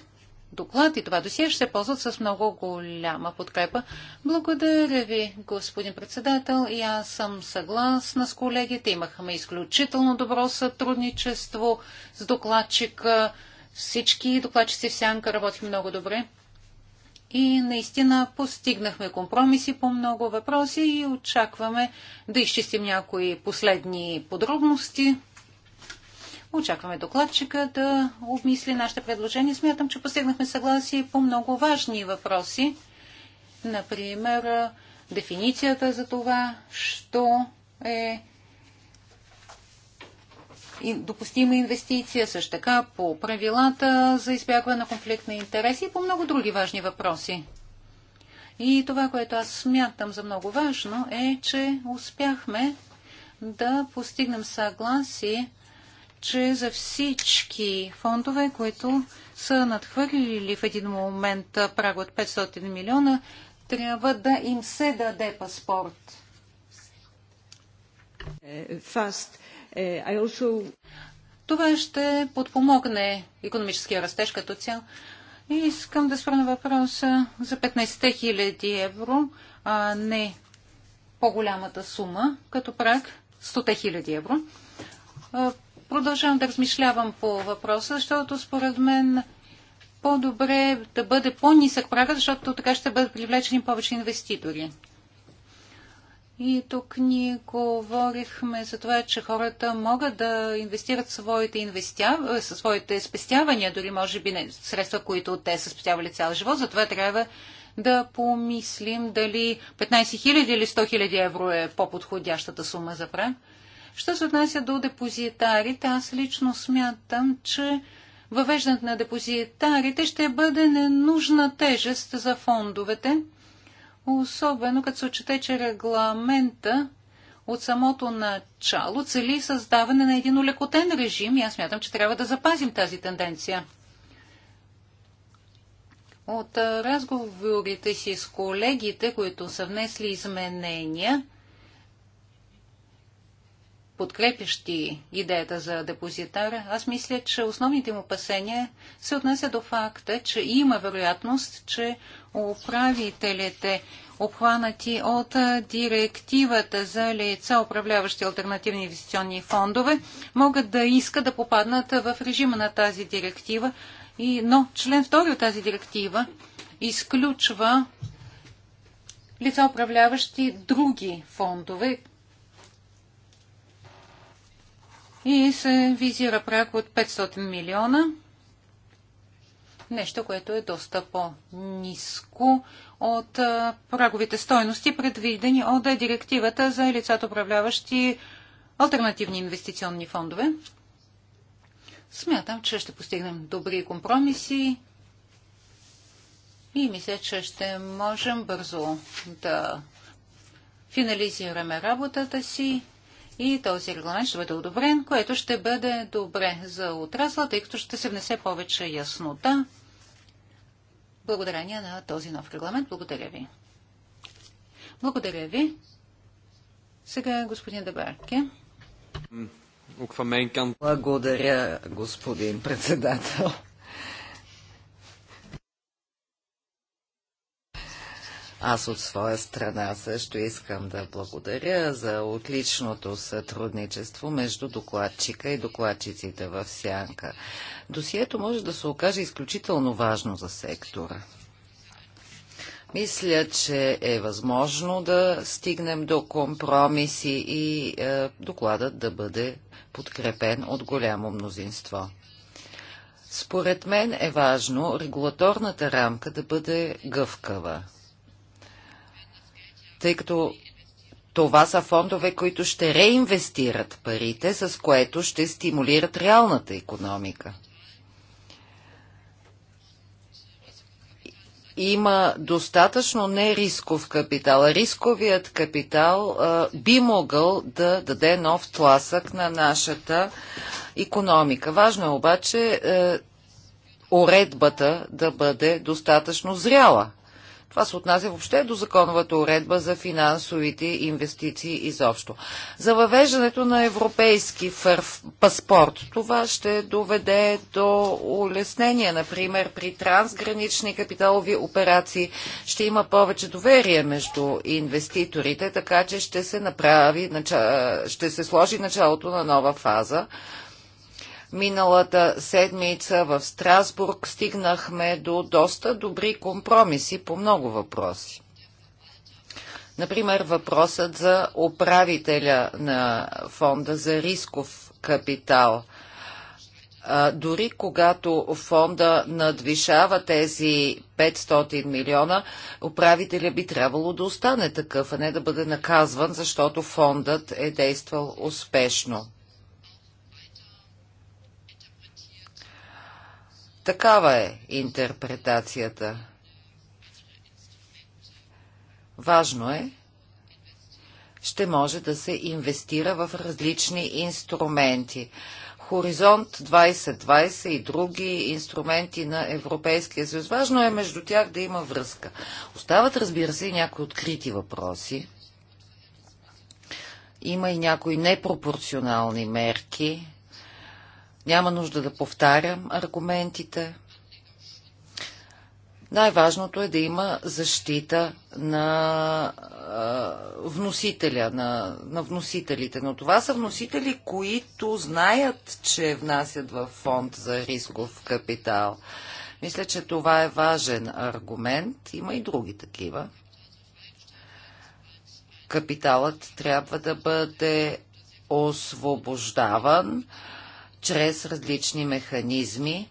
доклад и това досие ще се ползват с много голяма подкрепа. Благодаря ви, господин председател, и аз съм съгласна с колегите. Имахме изключително добро сътрудничество с докладчика всички докладчици в Сянка работихме много добре. И наистина постигнахме компромиси по много въпроси и очакваме да изчистим някои последни подробности. Очакваме докладчика да обмисли нашите предложения. Смятам, че постигнахме съгласие по много важни въпроси. Например, дефиницията за това, що е допустима инвестиция, също така по правилата за избягване на конфликт на интереси и по много други важни въпроси. И това, което аз смятам за много важно, е, че успяхме да постигнем съгласие, че за всички фондове, които са надхвърлили в един момент праг от 500 милиона, трябва да им се даде паспорт. Е, Fast Uh, Това ще подпомогне економическия растеж като цял, И искам да спра на въпроса за 15 000 евро, а не по-голямата сума, като прак 100 000 евро. Продължавам да размишлявам по въпроса, защото според мен по-добре е да бъде по-нисък прага, защото така ще бъдат привлечени повече инвеститори. И тук ние говорихме за това, че хората могат да инвестират своите, инвестя... Е, своите спестявания, дори може би не средства, които те са спестявали цял живот. Затова трябва да помислим дали 15 000 или 100 000 евро е по-подходящата сума за прак. Що се отнася до депозитарите, аз лично смятам, че въвеждането на депозитарите ще бъде ненужна тежест за фондовете – особено като се отчете, че регламента от самото начало цели създаване на един улекотен режим и аз мятам, че трябва да запазим тази тенденция. От разговорите си с колегите, които са внесли изменения, подкрепящи идеята за депозитара, аз мисля, че основните му опасения се отнася до факта, че има вероятност, че управителите, обхванати от директивата за лица, управляващи альтернативни инвестиционни фондове, могат да искат да попаднат в режима на тази директива. И, но член 2 от тази директива изключва лица, управляващи други фондове, и се визира прак от 500 милиона. Нещо, което е доста по-низко от праговите стойности, предвидени от директивата за лицата, управляващи альтернативни инвестиционни фондове. Смятам, че ще постигнем добри компромиси и мисля, че ще можем бързо да финализираме работата си и този регламент ще бъде одобрен, което ще бъде добре за отрасла, тъй като ще се внесе повече яснота благодарение на този нов регламент. Благодаря ви. Благодаря ви. Сега господин Дебарке. Благодаря, господин председател. Аз от своя страна също искам да благодаря за отличното сътрудничество между докладчика и докладчиците в Сянка. Досието може да се окаже изключително важно за сектора. Мисля, че е възможно да стигнем до компромиси и е, докладът да бъде подкрепен от голямо мнозинство. Според мен е важно регулаторната рамка да бъде гъвкава тъй като това са фондове, които ще реинвестират парите, с което ще стимулират реалната економика. Има достатъчно нерисков капитал. Рисковият капитал а, би могъл да даде нов тласък на нашата економика. Важно е обаче а, е, уредбата да бъде достатъчно зряла това се отнася въобще до законовата уредба за финансовите инвестиции изобщо. За въвеждането на европейски паспорт, това ще доведе до улеснения, например, при трансгранични капиталови операции ще има повече доверие между инвеститорите, така че ще се направи, ще се сложи началото на нова фаза Миналата седмица в Страсбург стигнахме до доста добри компромиси по много въпроси. Например, въпросът за управителя на фонда за рисков капитал. А, дори когато фонда надвишава тези 500 милиона, управителя би трябвало да остане такъв, а не да бъде наказван, защото фондът е действал успешно. Такава е интерпретацията. Важно е, ще може да се инвестира в различни инструменти. Хоризонт 2020 и други инструменти на Европейския съюз. Важно е между тях да има връзка. Остават, разбира се, и някои открити въпроси. Има и някои непропорционални мерки, няма нужда да повтарям аргументите. Най-важното е да има защита на а, вносителя, на, на вносителите. Но това са вносители, които знаят, че внасят в фонд за рисков капитал. Мисля, че това е важен аргумент. Има и други такива. Капиталът трябва да бъде освобождаван. А, чрез различни механизми,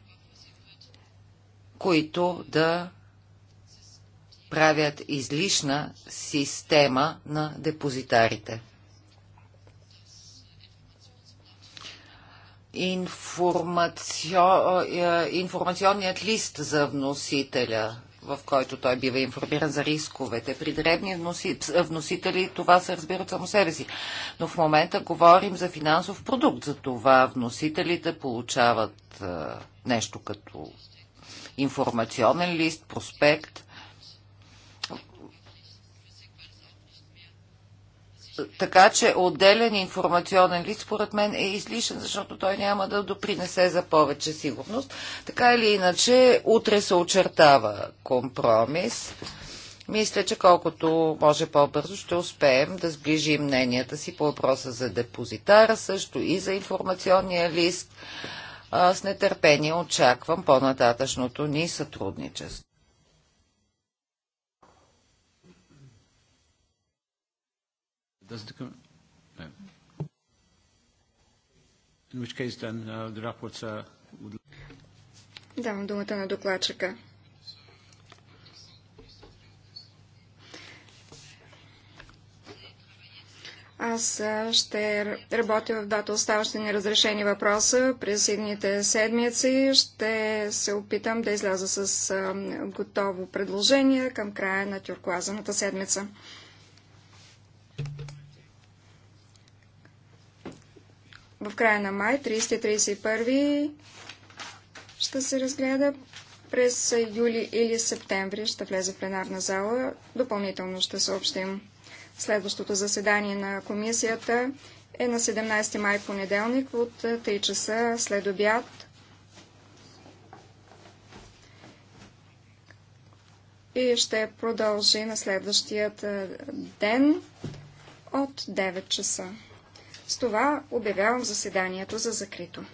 които да правят излишна система на депозитарите. Информацио... Е, информационният лист за вносителя в който той бива информиран за рисковете. При дребни вносители това се разбира само себе си. Но в момента говорим за финансов продукт. За това вносителите получават нещо като информационен лист, проспект – Така че отделен информационен лист, според мен, е излишен, защото той няма да допринесе за повече сигурност. Така или иначе, утре се очертава компромис. Мисля, че колкото може по-бързо ще успеем да сближим мненията си по въпроса за депозитара, също и за информационния лист. С нетърпение очаквам по-нататъчното ни сътрудничество. Does the no. In which case then uh, the rapporteur would... Давам думата на докладчика. Аз ще работя в двата оставащи неразрешени въпроса през едните седмици. Ще се опитам да изляза с готово предложение към края на тюркуазаната седмица. в края на май, 30-31 ще се разгледа. През юли или септември ще влезе в пленарна зала. Допълнително ще съобщим. Следващото заседание на комисията е на 17 май понеделник от 3 е, часа след обяд. И ще продължи на следващият е, ден от 9 часа. С това обявявам заседанието за закрито.